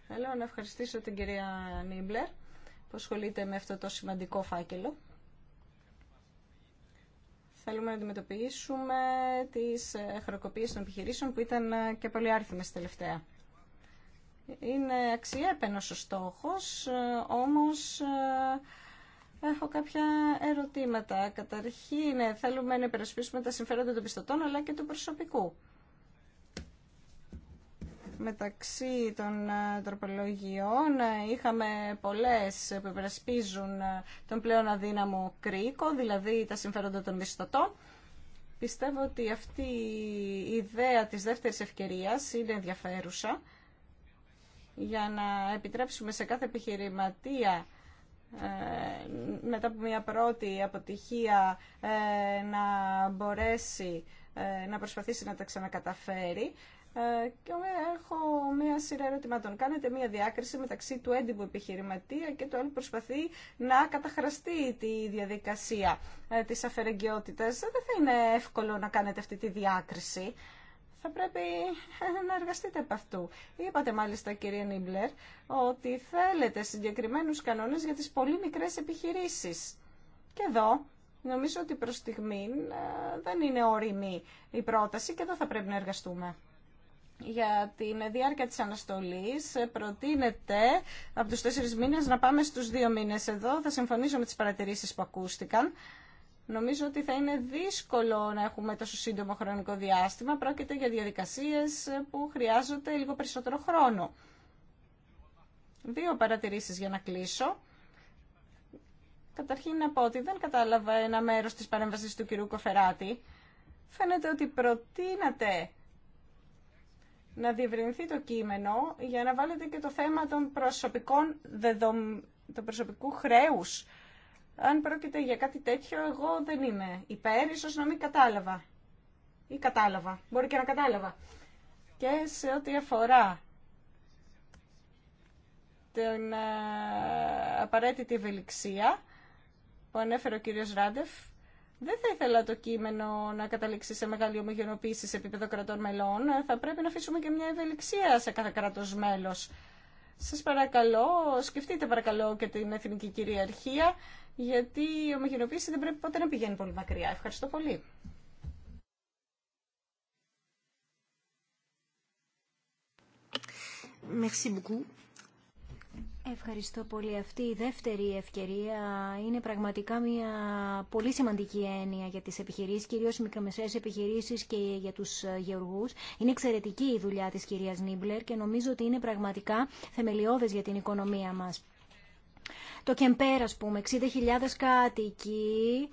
Θέλω να ευχαριστήσω την κυρία Νίμπλερ που ασχολείται με αυτό το σημαντικό φάκελο. Θέλουμε να αντιμετωπίσουμε τις ε, χρεοκοπίες των επιχειρήσεων που ήταν ε, και πολύ άρθιμες τελευταία. Είναι αξιέπαινος ο στόχος, ε, όμως Έχω κάποια ερωτήματα. Καταρχήν, θέλουμε να υπερασπίσουμε τα συμφέροντα των πιστωτών αλλά και του προσωπικού. Μεταξύ των ε, τροπολογιών ε, είχαμε πολλές που υπερασπίζουν ε, τον πλέον αδύναμο κρίκο, δηλαδή τα συμφέροντα των πιστωτών. Πιστεύω ότι αυτή η ιδέα της δεύτερης ευκαιρίας είναι ενδιαφέρουσα για να επιτρέψουμε σε κάθε επιχειρηματία ε, μετά από μια πρώτη αποτυχία ε, να μπορέσει ε, να προσπαθήσει να τα ξανακαταφέρει. Και έχω μία σειρά ερωτηματών. Κάνετε μία διάκριση μεταξύ του έντυπου επιχειρηματία και του άλλου προσπαθεί να καταχραστεί τη διαδικασία της αφαιρεγγιότητας. Δεν θα είναι εύκολο να κάνετε αυτή τη διάκριση θα πρέπει να εργαστείτε από αυτού. Είπατε μάλιστα κυρία Νίμπλερ ότι θέλετε συγκεκριμένους κανόνες για τις πολύ μικρές επιχειρήσεις. Και εδώ νομίζω ότι προς στιγμή ε, δεν είναι όριμη η πρόταση και εδώ θα πρέπει να εργαστούμε. Για την διάρκεια της αναστολής ε, προτείνεται από τους τέσσερις μήνες να πάμε στους δύο μήνες εδώ. Θα συμφωνήσω με τις παρατηρήσεις που ακούστηκαν. Νομίζω ότι θα είναι δύσκολο να έχουμε τόσο σύντομο χρονικό διάστημα. Πρόκειται για διαδικασίες που χρειάζονται λίγο περισσότερο χρόνο. Δύο παρατηρήσεις για να κλείσω. Καταρχήν να πω ότι δεν κατάλαβα ένα μέρος της παρέμβασης του κυρίου Κοφεράτη. Φαίνεται ότι προτείνατε να διευρυνθεί το κείμενο για να βάλετε και το θέμα των προσωπικών των προσωπικού χρέους αν πρόκειται για κάτι τέτοιο, εγώ δεν είμαι υπέρ, ίσω να μην κατάλαβα. Ή κατάλαβα, μπορεί και να κατάλαβα. Και σε ό,τι αφορά την ε, απαραίτητη ευελιξία που ανέφερε ο κύριος Ράντεφ, δεν θα ήθελα το κείμενο να καταλήξει σε μεγάλη ομογενοποίηση σε επίπεδο κρατών μελών. Θα πρέπει να αφήσουμε και μια ευελιξία σε κάθε κράτος μέλος. Σας παρακαλώ, σκεφτείτε παρακαλώ και την εθνική κυριαρχία γιατί η ομογενοποίηση δεν πρέπει ποτέ να πηγαίνει πολύ μακριά. Ευχαριστώ πολύ. Merci beaucoup. Ευχαριστώ πολύ. Αυτή η δεύτερη ευκαιρία είναι πραγματικά μια πολύ σημαντική έννοια για τις επιχειρήσεις, κυρίως οι μικρομεσαίες επιχειρήσεις και για τους γεωργούς. Είναι εξαιρετική η δουλειά της κυρίας Νίμπλερ και νομίζω ότι είναι πραγματικά θεμελιώδες για την οικονομία μας το ΚΕΜΠΕΡ, α πούμε, 60.000 κάτοικοι,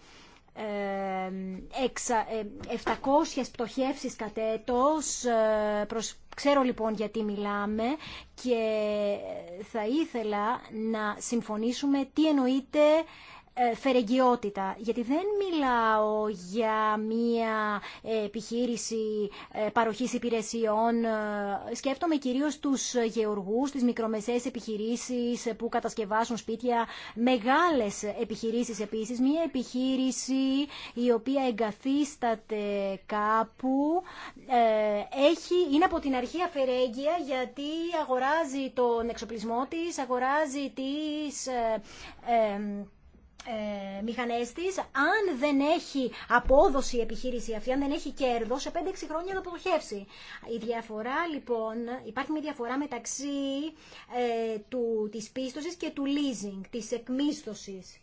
700 πτωχεύσεις κατ' έτος, ε, προς, ξέρω λοιπόν γιατί μιλάμε και θα ήθελα να συμφωνήσουμε τι εννοείται ε, φερεγγιότητα, γιατί δεν μιλάω για μία ε, επιχείρηση ε, παροχής υπηρεσιών. Σκέφτομαι κυρίως τους γεωργούς, τις μικρομεσαίες επιχειρήσεις που κατασκευάσουν σπίτια, μεγάλες επιχειρήσεις επίσης, μία επιχείρηση η οποία εγκαθίσταται κάπου, έχει, είναι από την αρχή αφαιρέγγια γιατί αγοράζει τον εξοπλισμό της, αγοράζει τις ε, μηχανές αν δεν έχει απόδοση η επιχείρηση αυτή, αν δεν έχει κέρδο, σε 5-6 χρόνια θα αποδοχεύσει. Η διαφορά λοιπόν, υπάρχει μια διαφορά μεταξύ ε, του, της πίστοσης και του leasing, της εκμίσθωσης.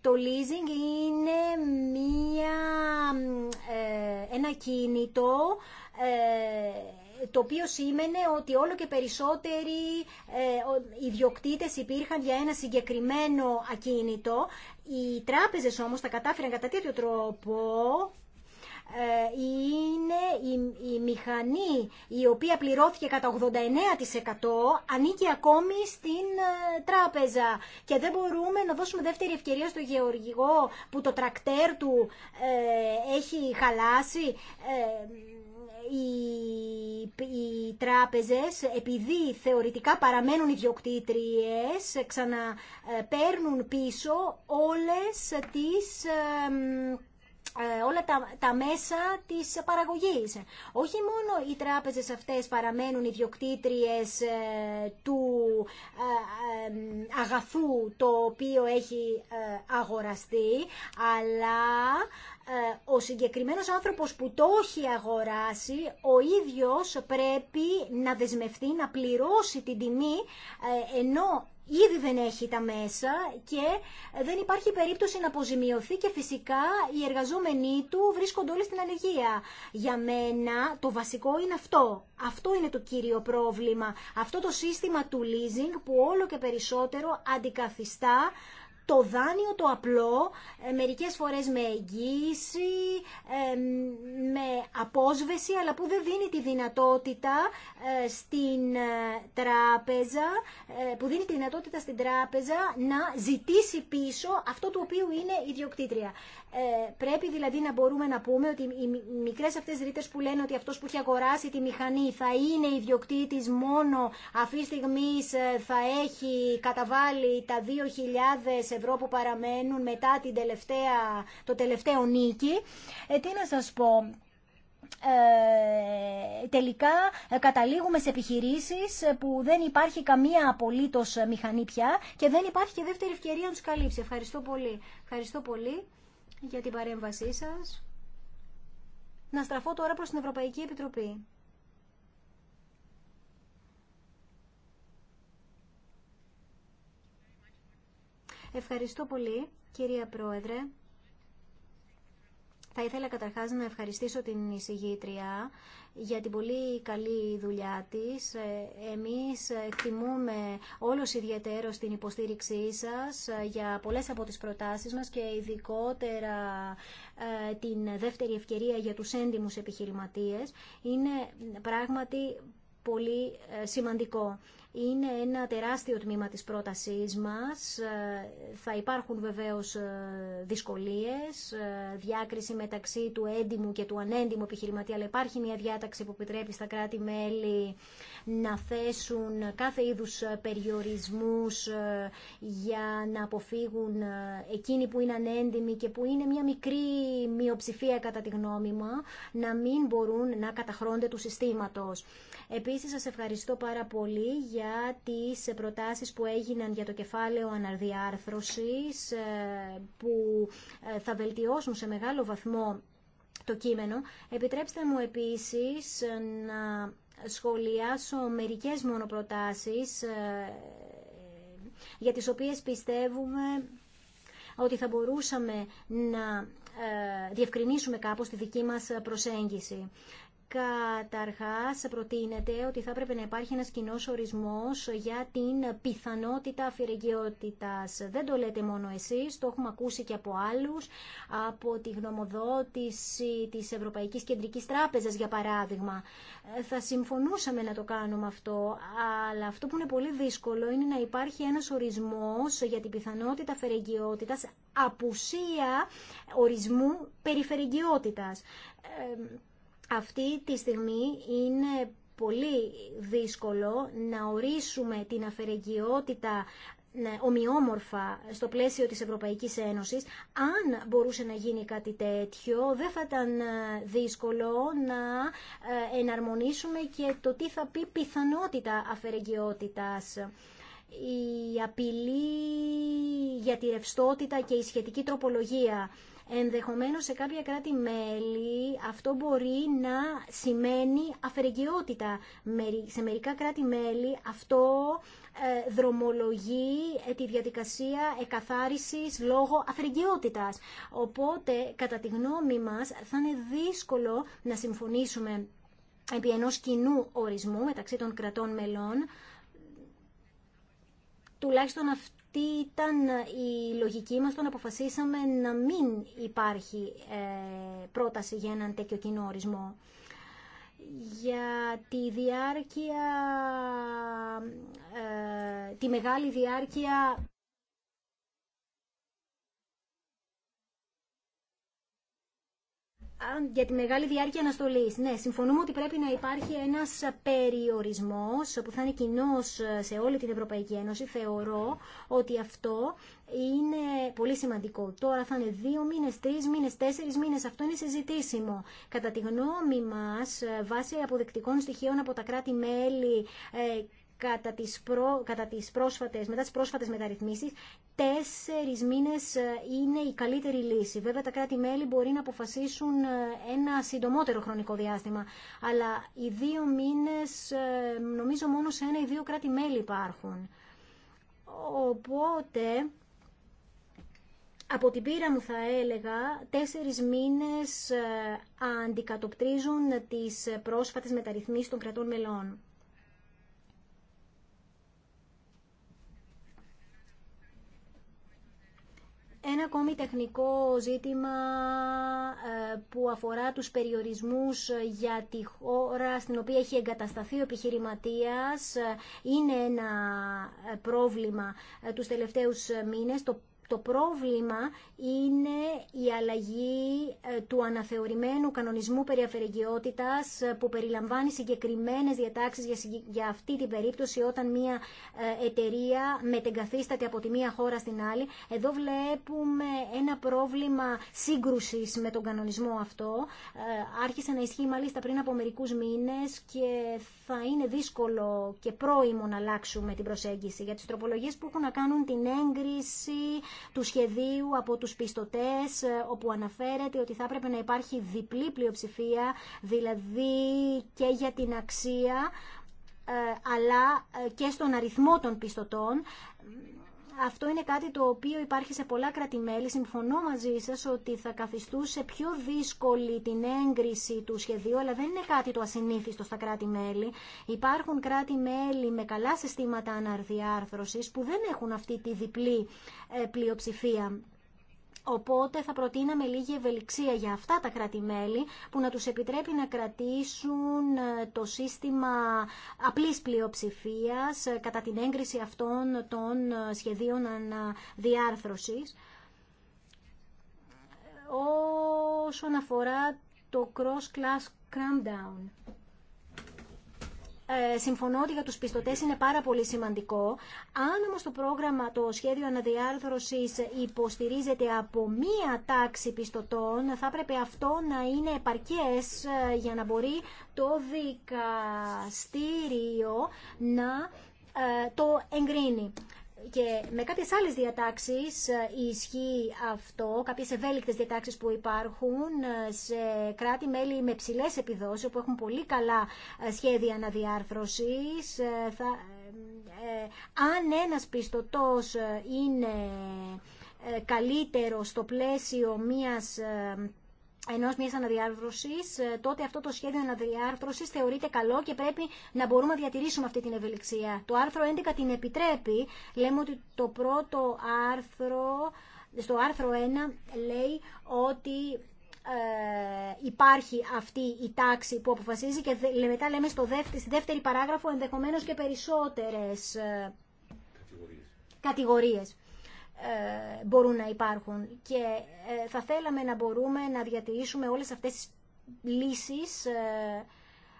Το leasing είναι μια, ε, ένα κίνητο ε, το οποίο σήμαινε ότι όλο και περισσότεροι ε, ιδιοκτήτες υπήρχαν για ένα συγκεκριμένο ακίνητο. Οι τράπεζες όμως τα κατάφεραν κατά τέτοιο τρόπο ε, είναι η, μηχανή η οποία πληρώθηκε κατά 89% ανήκει ακόμη στην ε, τράπεζα και δεν μπορούμε να δώσουμε δεύτερη ευκαιρία στο γεωργικό που το τρακτέρ του έχει χαλάσει οι τράπεζες επειδή θεωρητικά παραμένουν ιδιοκτήτριες ξαναπαίρνουν ε, πίσω όλες τις ε, όλα τα, τα μέσα της παραγωγής. Όχι μόνο οι τράπεζες αυτές παραμένουν ιδιοκτήτριες ε, του αγαθού το οποίο έχει αγοραστεί, αλλά ε, ο συγκεκριμένος άνθρωπος που το έχει αγοράσει, ο ίδιος πρέπει να δεσμευτεί, να πληρώσει την τιμή, ε, ενώ ήδη δεν έχει τα μέσα και δεν υπάρχει περίπτωση να αποζημιωθεί και φυσικά οι εργαζόμενοι του βρίσκονται όλοι στην ανεργία. Για μένα το βασικό είναι αυτό. Αυτό είναι το κύριο πρόβλημα. Αυτό το σύστημα του leasing που όλο και περισσότερο αντικαθιστά το δάνειο το απλό, ε, μερικές φορές με εγγύηση, ε, με απόσβεση, αλλά που δεν δίνει τη δυνατότητα ε, στην τράπεζα, που δίνει τη δυνατότητα στην τράπεζα να ζητήσει πίσω αυτό το οποίο είναι ιδιοκτήτρια. Ε, πρέπει δηλαδή να μπορούμε να πούμε ότι οι μικρές αυτές ρήτες που λένε ότι αυτός που έχει αγοράσει τη μηχανή θα είναι ιδιοκτήτης μόνο αυτή τη στιγμή ε, θα έχει καταβάλει τα 2.000 ευρώ που παραμένουν μετά την τελευταία, το τελευταίο νίκη. Ε, τι να σας πω, ε, τελικά ε, καταλήγουμε σε επιχειρήσεις που δεν υπάρχει καμία απολύτως μηχανή πια και δεν υπάρχει και δεύτερη ευκαιρία να τους καλύψει. Ευχαριστώ πολύ. Ευχαριστώ πολύ για την παρέμβασή σας. Να στραφώ τώρα προς την Ευρωπαϊκή Επιτροπή. Ευχαριστώ πολύ, κυρία Πρόεδρε. Θα ήθελα καταρχάς να ευχαριστήσω την εισηγήτρια για την πολύ καλή δουλειά της. Ε, εμείς ε, εκτιμούμε όλος ιδιαίτερο την υποστήριξή σας ε, για πολλές από τις προτάσεις μας και ειδικότερα την δεύτερη ευκαιρία για τους έντιμους επιχειρηματίες. Είναι πράγματι πολύ σημαντικό είναι ένα τεράστιο τμήμα της πρότασής μας. Ε, θα υπάρχουν βεβαίως ε, δυσκολίες, ε, διάκριση μεταξύ του έντιμου και του ανέντιμου επιχειρηματία, αλλά υπάρχει μια διάταξη που επιτρέπει στα κράτη-μέλη να θέσουν κάθε είδους περιορισμούς για να αποφύγουν εκείνοι που είναι ανέντιμοι και που είναι μια μικρή μειοψηφία κατά τη γνώμη μου, να μην μπορούν να καταχρώνται του συστήματος. Επίσης, σας ευχαριστώ πάρα πολύ για τις προτάσεις που έγιναν για το κεφάλαιο αναδιάρθρωσης ε, που ε, θα βελτιώσουν σε μεγάλο βαθμό το κείμενο. Επιτρέψτε μου επίσης ε, να σχολιάσω μερικές μόνο προτάσεις για τις οποίες πιστεύουμε ότι θα μπορούσαμε να διευκρινίσουμε κάπως τη δική μας προσέγγιση. Καταρχάς προτείνεται ότι θα έπρεπε να υπάρχει ένας κοινό ορισμός για την πιθανότητα αφηρεγγιότητας. Δεν το λέτε μόνο εσείς, το έχουμε ακούσει και από άλλους, από τη γνωμοδότηση της Ευρωπαϊκής Κεντρικής Τράπεζας για παράδειγμα. Ε, θα συμφωνούσαμε να το κάνουμε αυτό, αλλά αυτό που είναι πολύ δύσκολο είναι να υπάρχει ένας ορισμός για την πιθανότητα αφαιρεγγιότητας, απουσία ορισμού περιφερεγγιότητας. Ε, αυτή τη στιγμή είναι πολύ δύσκολο να ορίσουμε την αφαιρεγγιότητα ναι, ομοιόμορφα στο πλαίσιο της Ευρωπαϊκής Ένωσης. Αν μπορούσε να γίνει κάτι τέτοιο, δεν θα ήταν ε, δύσκολο να ε, εναρμονίσουμε και το τι θα πει πιθανότητα αφαιρεγγιότητας. Η απειλή για τη ρευστότητα και η σχετική τροπολογία Ενδεχομένως σε κάποια κράτη-μέλη αυτό μπορεί να σημαίνει αφαιρεγκαιότητα. Σε μερικά κράτη-μέλη αυτό ε, δρομολογεί ε, τη διαδικασία εκαθάρισης λόγω αφαιρεγγιότητας. Οπότε, κατά τη γνώμη μας, θα είναι δύσκολο να συμφωνήσουμε επί ενός κοινού ορισμού μεταξύ των κρατών μελών, τουλάχιστον αυτό τι ήταν ε, η λογική μας όταν αποφασίσαμε να μην υπάρχει ε, πρόταση για έναν τέτοιο κοινό ορισμό. Για τη διάρκεια, ε, τη μεγάλη διάρκεια για τη μεγάλη διάρκεια αναστολή. Ναι, συμφωνούμε ότι πρέπει να υπάρχει ένας περιορισμός που θα είναι κοινό ε, σε όλη την Ευρωπαϊκή Ένωση. Θεωρώ ότι αυτό είναι πολύ σημαντικό. Τώρα θα είναι δύο μήνε, τρει μήνε, τέσσερις μήνε. Αυτό είναι συζητήσιμο. Κατά τη γνώμη μας, ε, βάσει αποδεκτικών στοιχείων από τα κράτη-μέλη ε, κατά τις, προ, κατά τις πρόσφατες, μετά τις πρόσφατες μεταρρυθμίσεις, τέσσερις μήνες ε, είναι η καλύτερη λύση. Βέβαια τα κράτη-μέλη μπορεί να αποφασίσουν ε, ένα συντομότερο χρονικό διάστημα, αλλά οι δύο μήνες ε, νομίζω μόνο σε ένα ή δύο κράτη-μέλη υπάρχουν. Οπότε... Από την πείρα μου θα έλεγα, τέσσερις μήνες αντικατοπτρίζουν τις πρόσφατες μεταρρυθμίσεις των κρατών μελών. Ένα ακόμη τεχνικό ζήτημα ε, που αφορά τους περιορισμούς ε, για τη χώρα στην οποία έχει εγκατασταθεί ο επιχειρηματίας ε, είναι ένα πρόβλημα τους τελευταίους μήνες. Το πρόβλημα είναι η αλλαγή ε, του αναθεωρημένου κανονισμού περιαφερειγιότητας ε, που περιλαμβάνει συγκεκριμένες διατάξεις για αυτή την περίπτωση όταν μια ε, εταιρεία μετεγκαθίσταται από τη μία χώρα στην άλλη. Εδώ βλέπουμε ένα πρόβλημα σύγκρουσης με τον κανονισμό αυτό. Άρχισε να ισχύει μάλιστα πριν από μερικούς μήνες και θα είναι δύσκολο και πρόημο να αλλάξουμε την προσέγγιση για τις τροπολογίες που έχουν να κάνουν την έγκριση του σχεδίου από τους πιστωτέ, ε, όπου αναφέρεται ότι θα έπρεπε να υπάρχει διπλή πλειοψηφία δηλαδή και για την αξία ε, αλλά ε, και στον αριθμό των πιστωτών αυτό είναι κάτι το οποίο υπάρχει σε πολλά κράτη-μέλη. Συμφωνώ μαζί σας ότι θα καθιστούσε πιο δύσκολη την έγκριση του σχεδίου, αλλά δεν είναι κάτι το ασυνήθιστο στα κράτη-μέλη. Υπάρχουν κράτη-μέλη με καλά συστήματα αναρδιάρθρωσης που δεν έχουν αυτή τη διπλή ε, πλειοψηφία. Οπότε θα προτείναμε λίγη ευελιξία για αυτά τα κρατη που να τους επιτρέπει να κρατήσουν ε, το σύστημα απλής πλειοψηφίας ε, κατά την έγκριση αυτών των ε, σχεδίων διάρθρωσης Όσον αφορά το cross-class crumb-down». Ε, συμφωνώ ότι για τους πιστωτές είναι πάρα πολύ σημαντικό. Αν όμως το πρόγραμμα, το σχέδιο αναδιάρθρωσης υποστηρίζεται από μία τάξη πιστωτών, θα πρέπει αυτό να είναι επαρκές ε, για να μπορεί το δικαστήριο να ε, το εγκρίνει και με κάποιες άλλες διατάξεις ε, ισχύει αυτό, κάποιες ευέλικτες διατάξεις που υπάρχουν ε, σε κράτη-μέλη με ψηλές επιδόσεις, που έχουν πολύ καλά ε, σχέδια αναδιάρθρωσης. Θα, αν ένας πιστωτός είναι καλύτερο στο πλαίσιο μιας ενός μιας αναδιάρθρωσης, ε, τότε αυτό το σχέδιο αναδιάρθρωσης θεωρείται καλό και πρέπει να μπορούμε να διατηρήσουμε αυτή την ευελιξία. Το άρθρο 11 την επιτρέπει. Λέμε ότι το πρώτο άρθρο, στο άρθρο 1 λέει ότι ε, υπάρχει αυτή η τάξη που αποφασίζει και μετά λέμε στο δεύτερη, στη δεύτερη παράγραφο ενδεχομένως και περισσότερες ε, κατηγορίες. Ε, μπορούν να υπάρχουν και ε, θα θέλαμε να μπορούμε να διατηρήσουμε όλες αυτές τις λύσεις ε,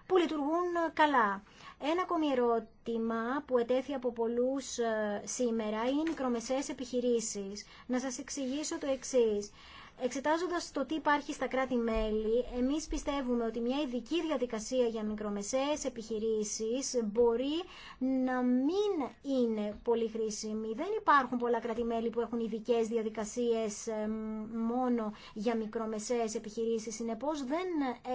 που λειτουργούν καλά. Ένα ακόμη ερώτημα που ετέθη από πολλούς σήμερα είναι οι μικρομεσαίες επιχειρήσεις. Να σας εξηγήσω το εξής. Εξετάζοντας το τι υπάρχει στα κράτη-μέλη, εμείς πιστεύουμε ότι μια ειδική διαδικασία για μικρομεσαίες επιχειρήσεις μπορεί να μην είναι πολύ χρήσιμη. Δεν υπάρχουν πολλά κράτη-μέλη που έχουν ειδικέ διαδικασίες ε, μόνο για μικρομεσαίες επιχειρήσεις. Συνεπώς δεν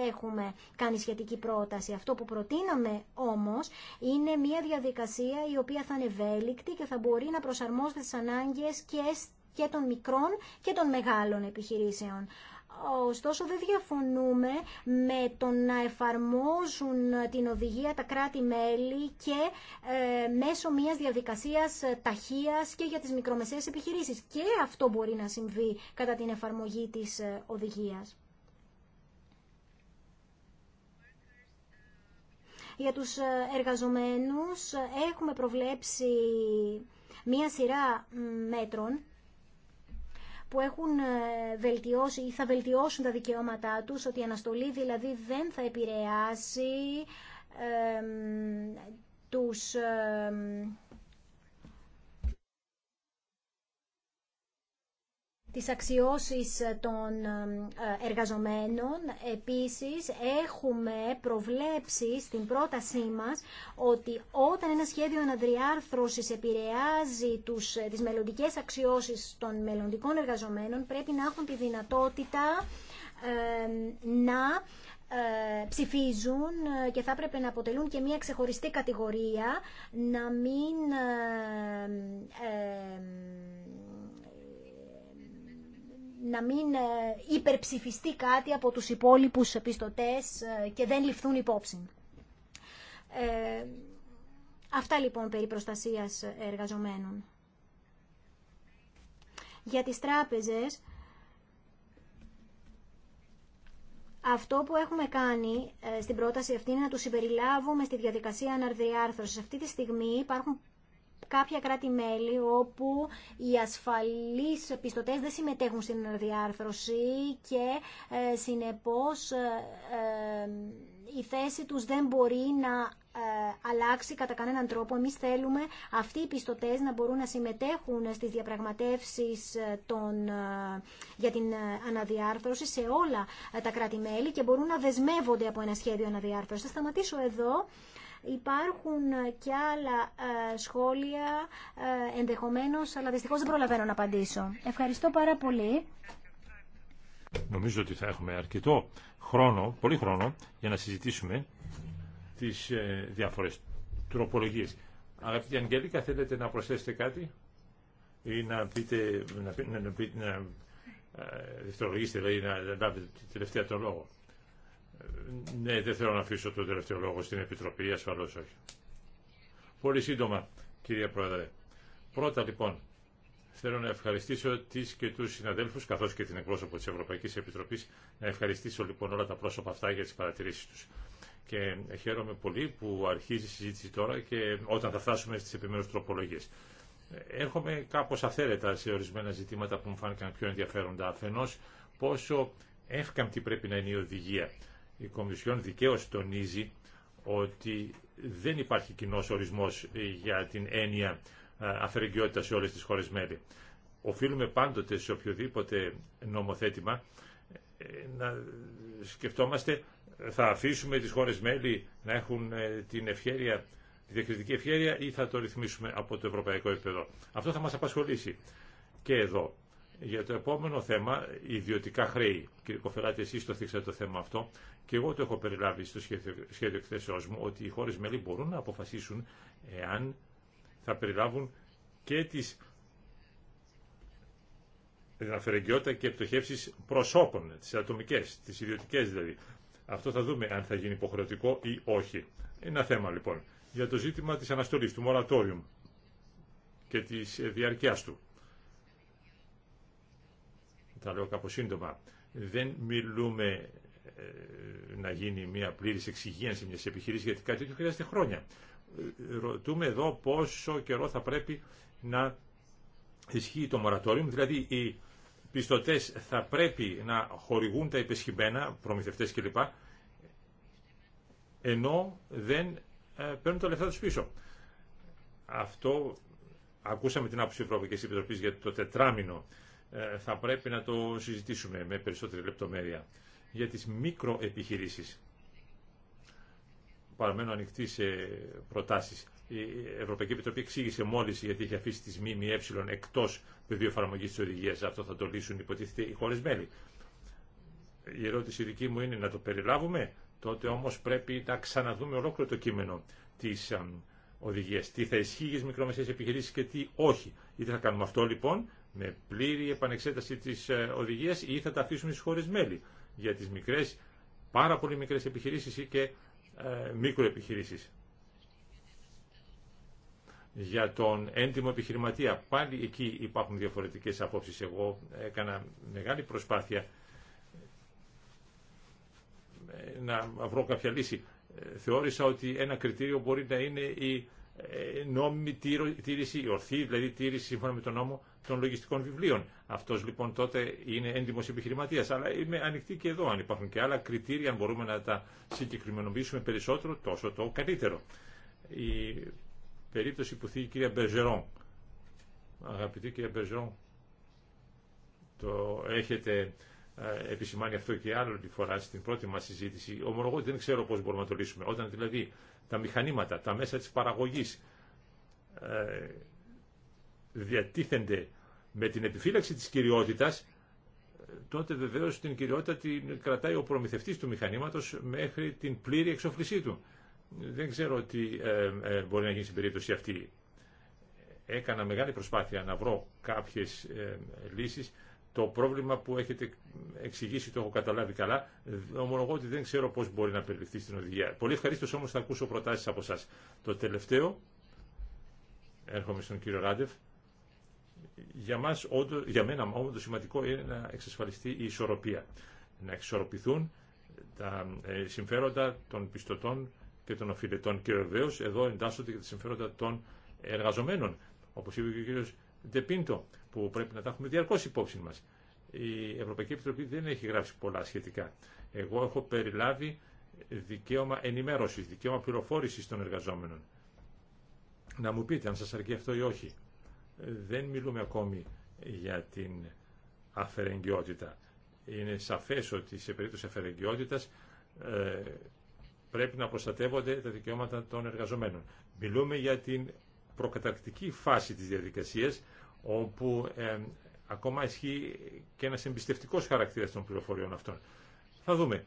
έχουμε κάνει σχετική πρόταση. Αυτό που προτείναμε όμως είναι μια διαδικασία η οποία θα είναι ευέλικτη και θα μπορεί να προσαρμόζεται στις ανάγκες και και των μικρών και των μεγάλων επιχειρήσεων. Ωστόσο δεν διαφωνούμε με το να εφαρμόζουν την οδηγία τα κράτη-μέλη και ε, μέσω μιας διαδικασίας ταχείας και για τις μικρομεσαίες επιχειρήσεις. Και αυτό μπορεί να συμβεί κατά την εφαρμογή της ε, οδηγίας. Για τους ε, εργαζομένους έχουμε προβλέψει μία σειρά μέτρων που έχουν ε, βελτιώσει ή θα βελτιώσουν τα δικαιώματά τους, ότι η αναστολή δηλαδή δεν θα επηρεάσει τους τις αξιώσεις ε, των ε, εργαζομένων. Επίσης, έχουμε προβλέψει στην πρότασή μας ότι όταν ένα σχέδιο αναδριάρθρωσης επηρεάζει τους, ε, τις μελλοντικέ αξιώσεις των μελλοντικών εργαζομένων, πρέπει να έχουν τη δυνατότητα να ψηφίζουν και θα έπρεπε να αποτελούν και μια ξεχωριστή κατηγορία, να μην να μην ε, υπερψηφιστεί κάτι από τους υπόλοιπους πιστωτές ε, και δεν ληφθούν υπόψη. Ε, αυτά λοιπόν περί προστασίας εργαζομένων. Για τις τράπεζες, αυτό που έχουμε κάνει ε, στην πρόταση αυτή είναι να τους συμπεριλάβουμε στη διαδικασία αναρδιάρθρωσης. Αυτή τη στιγμή υπάρχουν κάποια κράτη-μέλη όπου οι ασφαλείς πιστωτές δεν συμμετέχουν στην αναδιάρθρωση και ε, συνεπώς ε, ε, η θέση τους δεν μπορεί να αλλάξει κατά κανέναν τρόπο. Εμείς θέλουμε αυτοί οι πιστωτές να μπορούν να συμμετέχουν στις διαπραγματεύσεις για την αναδιάρθρωση σε όλα τα κράτη-μέλη και μπορούν να δεσμεύονται από ένα σχέδιο αναδιάρθρωσης. Θα σταματήσω εδώ. Υπάρχουν ε, και άλλα ε, σχόλια ε, ενδεχομένως, αλλά δυστυχώς δεν προλαβαίνω να απαντήσω. Ευχαριστώ πάρα πολύ. Νομίζω ότι θα έχουμε αρκετό χρόνο, πολύ χρόνο, για να συζητήσουμε τις διάφορες τροπολογίες. Αγαπητή Αγγέλικα, θέλετε να προσθέσετε κάτι ή να πείτε, να, δηλαδή να λάβετε τη τελευταία το λόγο. Ναι, δεν θέλω να αφήσω το τελευταίο λόγο στην Επιτροπή, ασφαλώς όχι. Πολύ σύντομα, κυρία Πρόεδρε. Πρώτα λοιπόν, θέλω να ευχαριστήσω τις και τους συναδέλφους, καθώς και την εκπρόσωπο της Ευρωπαϊκής Επιτροπής, να ευχαριστήσω λοιπόν όλα τα πρόσωπα αυτά για τις παρατηρήσεις τους. Και χαίρομαι πολύ που αρχίζει η συζήτηση τώρα και όταν θα φτάσουμε στις επιμέρους τροπολογίες. Έρχομαι κάπως αθαίρετα σε ορισμένα ζητήματα που μου φάνηκαν πιο ενδιαφέροντα. Αφενός, πόσο εύκαμπτη πρέπει να είναι η οδηγία η Κομισιόν δικαίως τονίζει ότι δεν υπάρχει κοινό ορισμός για την έννοια ε, αφαιρεγγιότητα σε όλες τις χώρες μέλη. Οφείλουμε πάντοτε σε οποιοδήποτε νομοθέτημα ε, να σκεφτόμαστε ε, θα αφήσουμε τις χώρες μέλη να έχουν την ευχέρεια, τη διακριτική ευχέρεια ή θα το ρυθμίσουμε από το ευρωπαϊκό επίπεδο. Αυτό θα μας απασχολήσει και εδώ. Για το επόμενο θέμα, ιδιωτικά χρέη. Κύριε Κοφεράτη, εσεί το θίξατε το θέμα αυτό και εγώ το έχω περιλάβει στο σχέδιο εκθέσεώ μου ότι οι χώρε μέλη μπορούν να αποφασίσουν εάν θα περιλάβουν και τι αφαιρεγκαιότητα και πτωχεύσει προσώπων, τι ατομικέ, τι ιδιωτικέ δηλαδή. Αυτό θα δούμε αν θα γίνει υποχρεωτικό ή όχι. ένα θέμα λοιπόν για το ζήτημα της αναστολής του μορατόριου και της διαρκείας του τα λέω κάπως σύντομα, δεν μιλούμε ε, να γίνει μια πλήρης εξυγίανση μια επιχειρήση γιατί κάτι τέτοιο χρειάζεται χρόνια. Ε, ρωτούμε εδώ πόσο καιρό θα πρέπει να ισχύει το μορατόριο, δηλαδή οι πιστωτέ θα πρέπει να χορηγούν τα υπεσχημένα, προμηθευτέ κλπ, ενώ δεν ε, παίρνουν τα λεφτά τους πίσω. Αυτό ακούσαμε την άποψη Ευρωπαϊκή Επιτροπή για το τετράμινο ε, θα πρέπει να το συζητήσουμε με περισσότερη λεπτομέρεια. Για τις μικροεπιχειρήσεις παραμένω ανοιχτή σε προτάσεις. Η Ευρωπαϊκή Επιτροπή εξήγησε μόλις γιατί έχει αφήσει τις ΜΜΕ εκτός πεδίου εφαρμογής της οδηγίας. Αυτό θα το λύσουν υποτίθεται οι χώρες μέλη. Η ερώτηση δική μου είναι να το περιλάβουμε, τότε όμως πρέπει να ξαναδούμε ολόκληρο το κείμενο της οδηγίας. Τι θα ισχύει για τις μικρομεσαίες επιχειρήσεις και τι όχι. Ή θα κάνουμε αυτό λοιπόν, με πλήρη επανεξέταση της ε, οδηγίας ή θα τα αφήσουμε στις χώρες μέλη για τις μικρές, πάρα πολύ μικρές επιχειρήσεις ή και ε, μικροεπιχειρήσεις. Για τον έντιμο επιχειρηματία, πάλι εκεί υπάρχουν διαφορετικές απόψεις. Εγώ έκανα μεγάλη προσπάθεια ε, να βρω κάποια λύση. Ε, θεώρησα ότι ένα κριτήριο μπορεί να είναι η ε, νόμιμη τήρηση, ορθή δηλαδή τήρηση σύμφωνα με τον νόμο των λογιστικών βιβλίων. Αυτός λοιπόν τότε είναι έντιμο επιχειρηματία. Αλλά είμαι ανοιχτή και εδώ, αν υπάρχουν και άλλα κριτήρια, αν μπορούμε να τα συγκεκριμενοποιήσουμε περισσότερο, τόσο το καλύτερο. Η περίπτωση που θίγει η κυρία Μπεζερόν. Αγαπητή κυρία Μπεζερόν, το έχετε ε, επισημάνει αυτό και άλλη φορά στην πρώτη μας συζήτηση, ομολογώ ότι δεν ξέρω πώς μπορούμε να το λύσουμε. Όταν δηλαδή τα μηχανήματα, τα μέσα της παραγωγής ε, διατίθενται με την επιφύλαξη της κυριότητας, ε, τότε βεβαίως την κυριότητα την κρατάει ο προμηθευτής του μηχανήματος μέχρι την πλήρη εξοφλησή του. Δεν ξέρω τι μπορεί να γίνει στην περίπτωση αυτή. Έκανα μεγάλη προσπάθεια να βρω κάποιες λύσεις το πρόβλημα που έχετε εξηγήσει το έχω καταλάβει καλά. Ομολογώ ότι δεν ξέρω πώς μπορεί να περιληφθεί στην οδηγία. Πολύ ευχαρίστω όμως θα ακούσω προτάσεις από εσά. Το τελευταίο, έρχομαι στον κύριο Ράντεφ, για, μας, όντως, για μένα όμως το σημαντικό είναι να εξασφαλιστεί η ισορροπία. Να εξορροπηθούν τα ε, συμφέροντα των πιστωτών και των οφειλετών και βεβαίω εδώ εντάσσονται και τα συμφέροντα των εργαζομένων. Όπως είπε και ο κύριος Ντεπίντο, που πρέπει να τα έχουμε διαρκώς υπόψη μας. Η Ευρωπαϊκή Επιτροπή δεν έχει γράψει πολλά σχετικά. Εγώ έχω περιλάβει δικαίωμα ενημέρωσης, δικαίωμα πληροφόρησης των εργαζόμενων. Να μου πείτε αν σας αρκεί αυτό ή όχι. Δεν μιλούμε ακόμη για την αφαιρεγγιότητα. Είναι σαφές ότι σε περίπτωση αφαιρεγγιότητας ε, πρέπει να προστατεύονται τα δικαιώματα των εργαζομένων. Μιλούμε για την προκαταρκτική φάση της διαδικασίας όπου ε, ακόμα ισχύει και ένας εμπιστευτικός χαρακτήρας των πληροφοριών αυτών. Θα δούμε.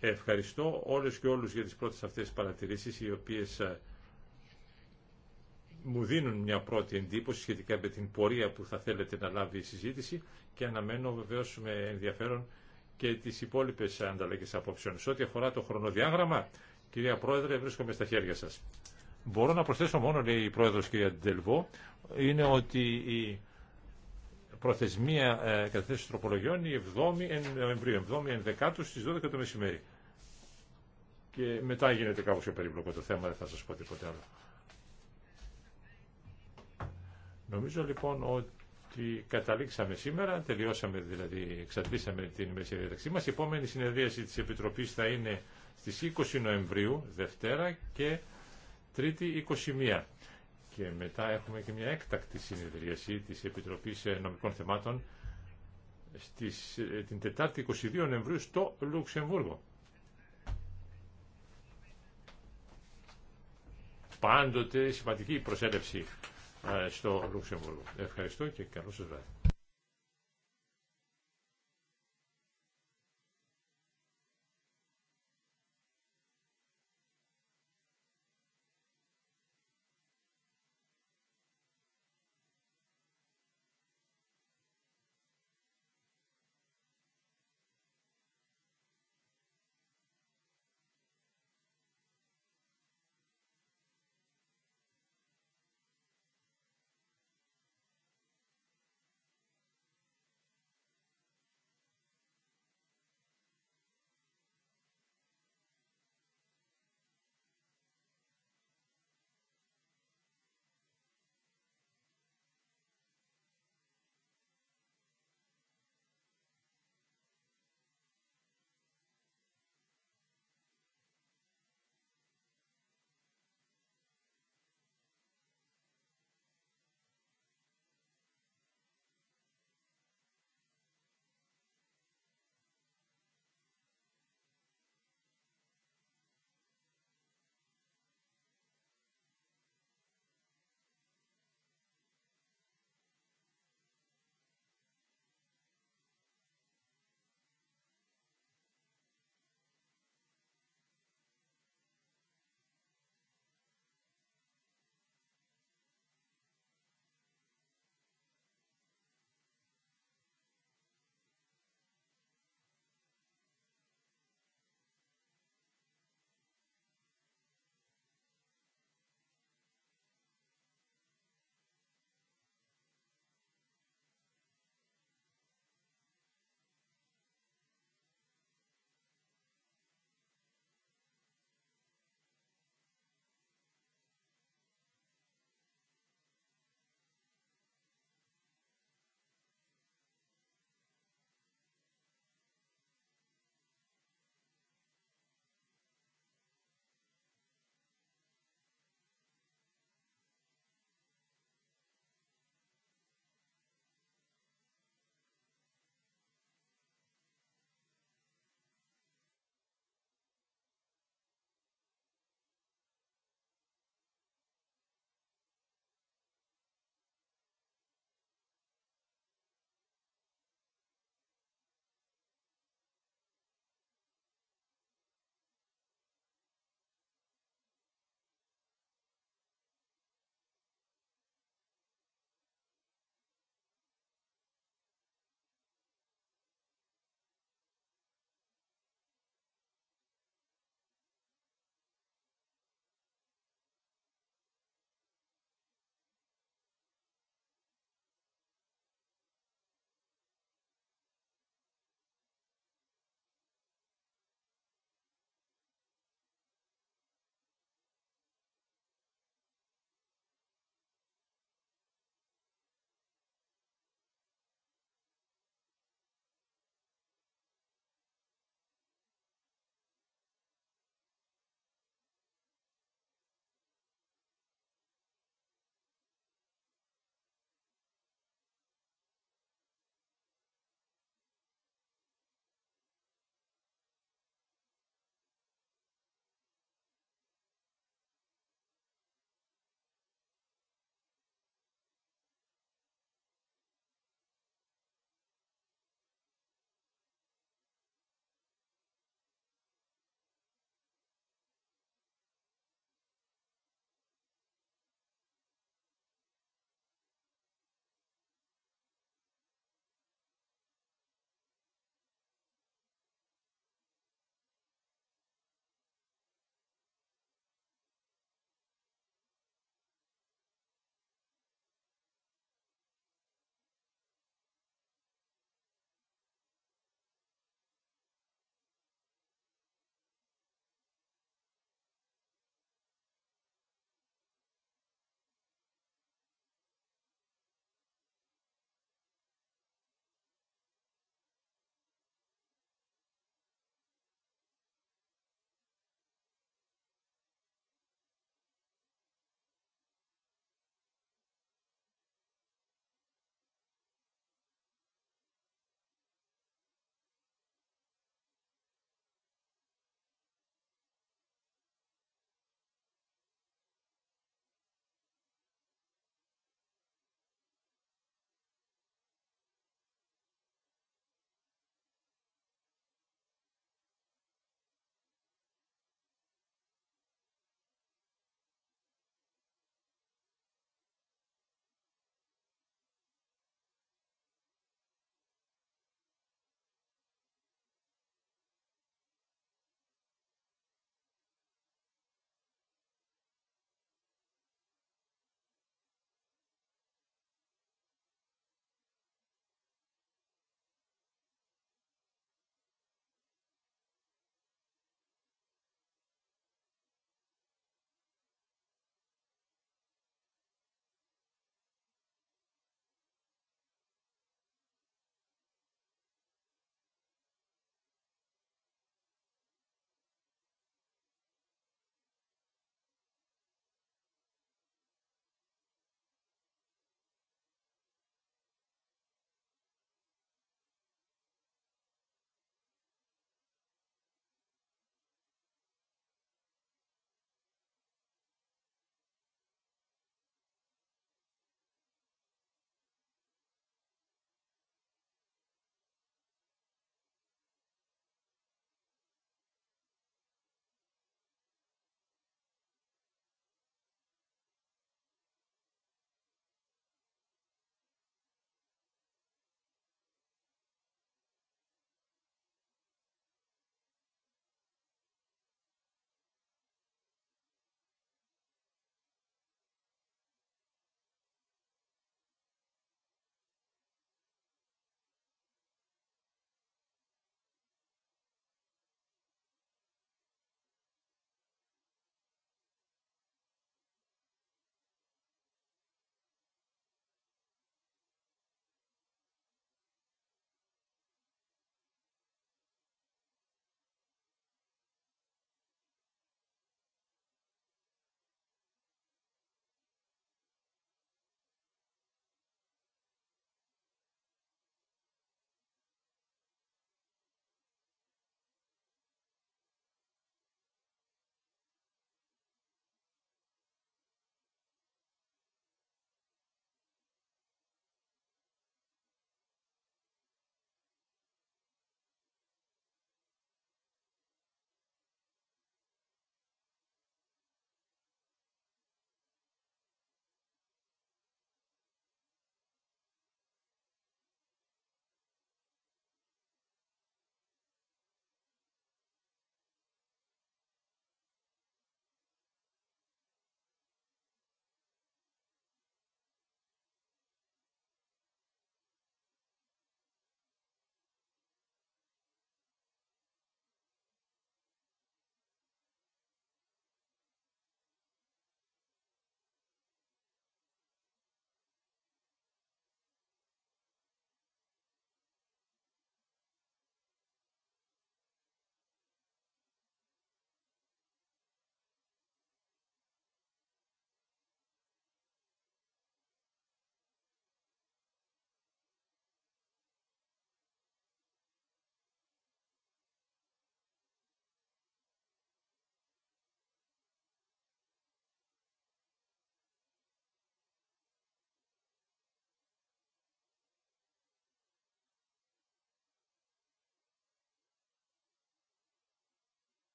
Ευχαριστώ όλες και όλους για τις πρώτες αυτές τις παρατηρήσεις, οι οποίες ε, μου δίνουν μια πρώτη εντύπωση σχετικά με την πορεία που θα θέλετε να λάβει η συζήτηση και αναμένω βεβαίως με ενδιαφέρον και τις υπόλοιπες ανταλλαγές απόψεων. Σε ό,τι αφορά το χρονοδιάγραμμα, κυρία Πρόεδρε, βρίσκομαι στα χέρια σας. Μπορώ να προσθέσω μόνο, λέει η πρόεδρος κυρία Ντελβό, είναι ότι η προθεσμία ε, τροπολογιών η 7η Νοεμβρίου, η Ενδεκάτου στις 12 το μεσημέρι. Και μετά γίνεται κάπως πιο περίπλοκο το θέμα, δεν θα σας πω τίποτε άλλο. Νομίζω λοιπόν ότι καταλήξαμε σήμερα, τελειώσαμε δηλαδή, εξαντλήσαμε την ημερησία διαταξή μας. Η επόμενη συνεδρίαση της Επιτροπής θα είναι στις 20 Νοεμβρίου, Δευτέρα και Τρίτη 21. Και μετά έχουμε και μια έκτακτη συνεδρίαση της Επιτροπής Νομικών Θεμάτων στις, ε, την Τετάρτη 22 Νοεμβρίου στο Λουξεμβούργο. Πάντοτε σημαντική προσέλευση ε, στο Λουξεμβούργο. Ευχαριστώ και καλό σας βράδυ.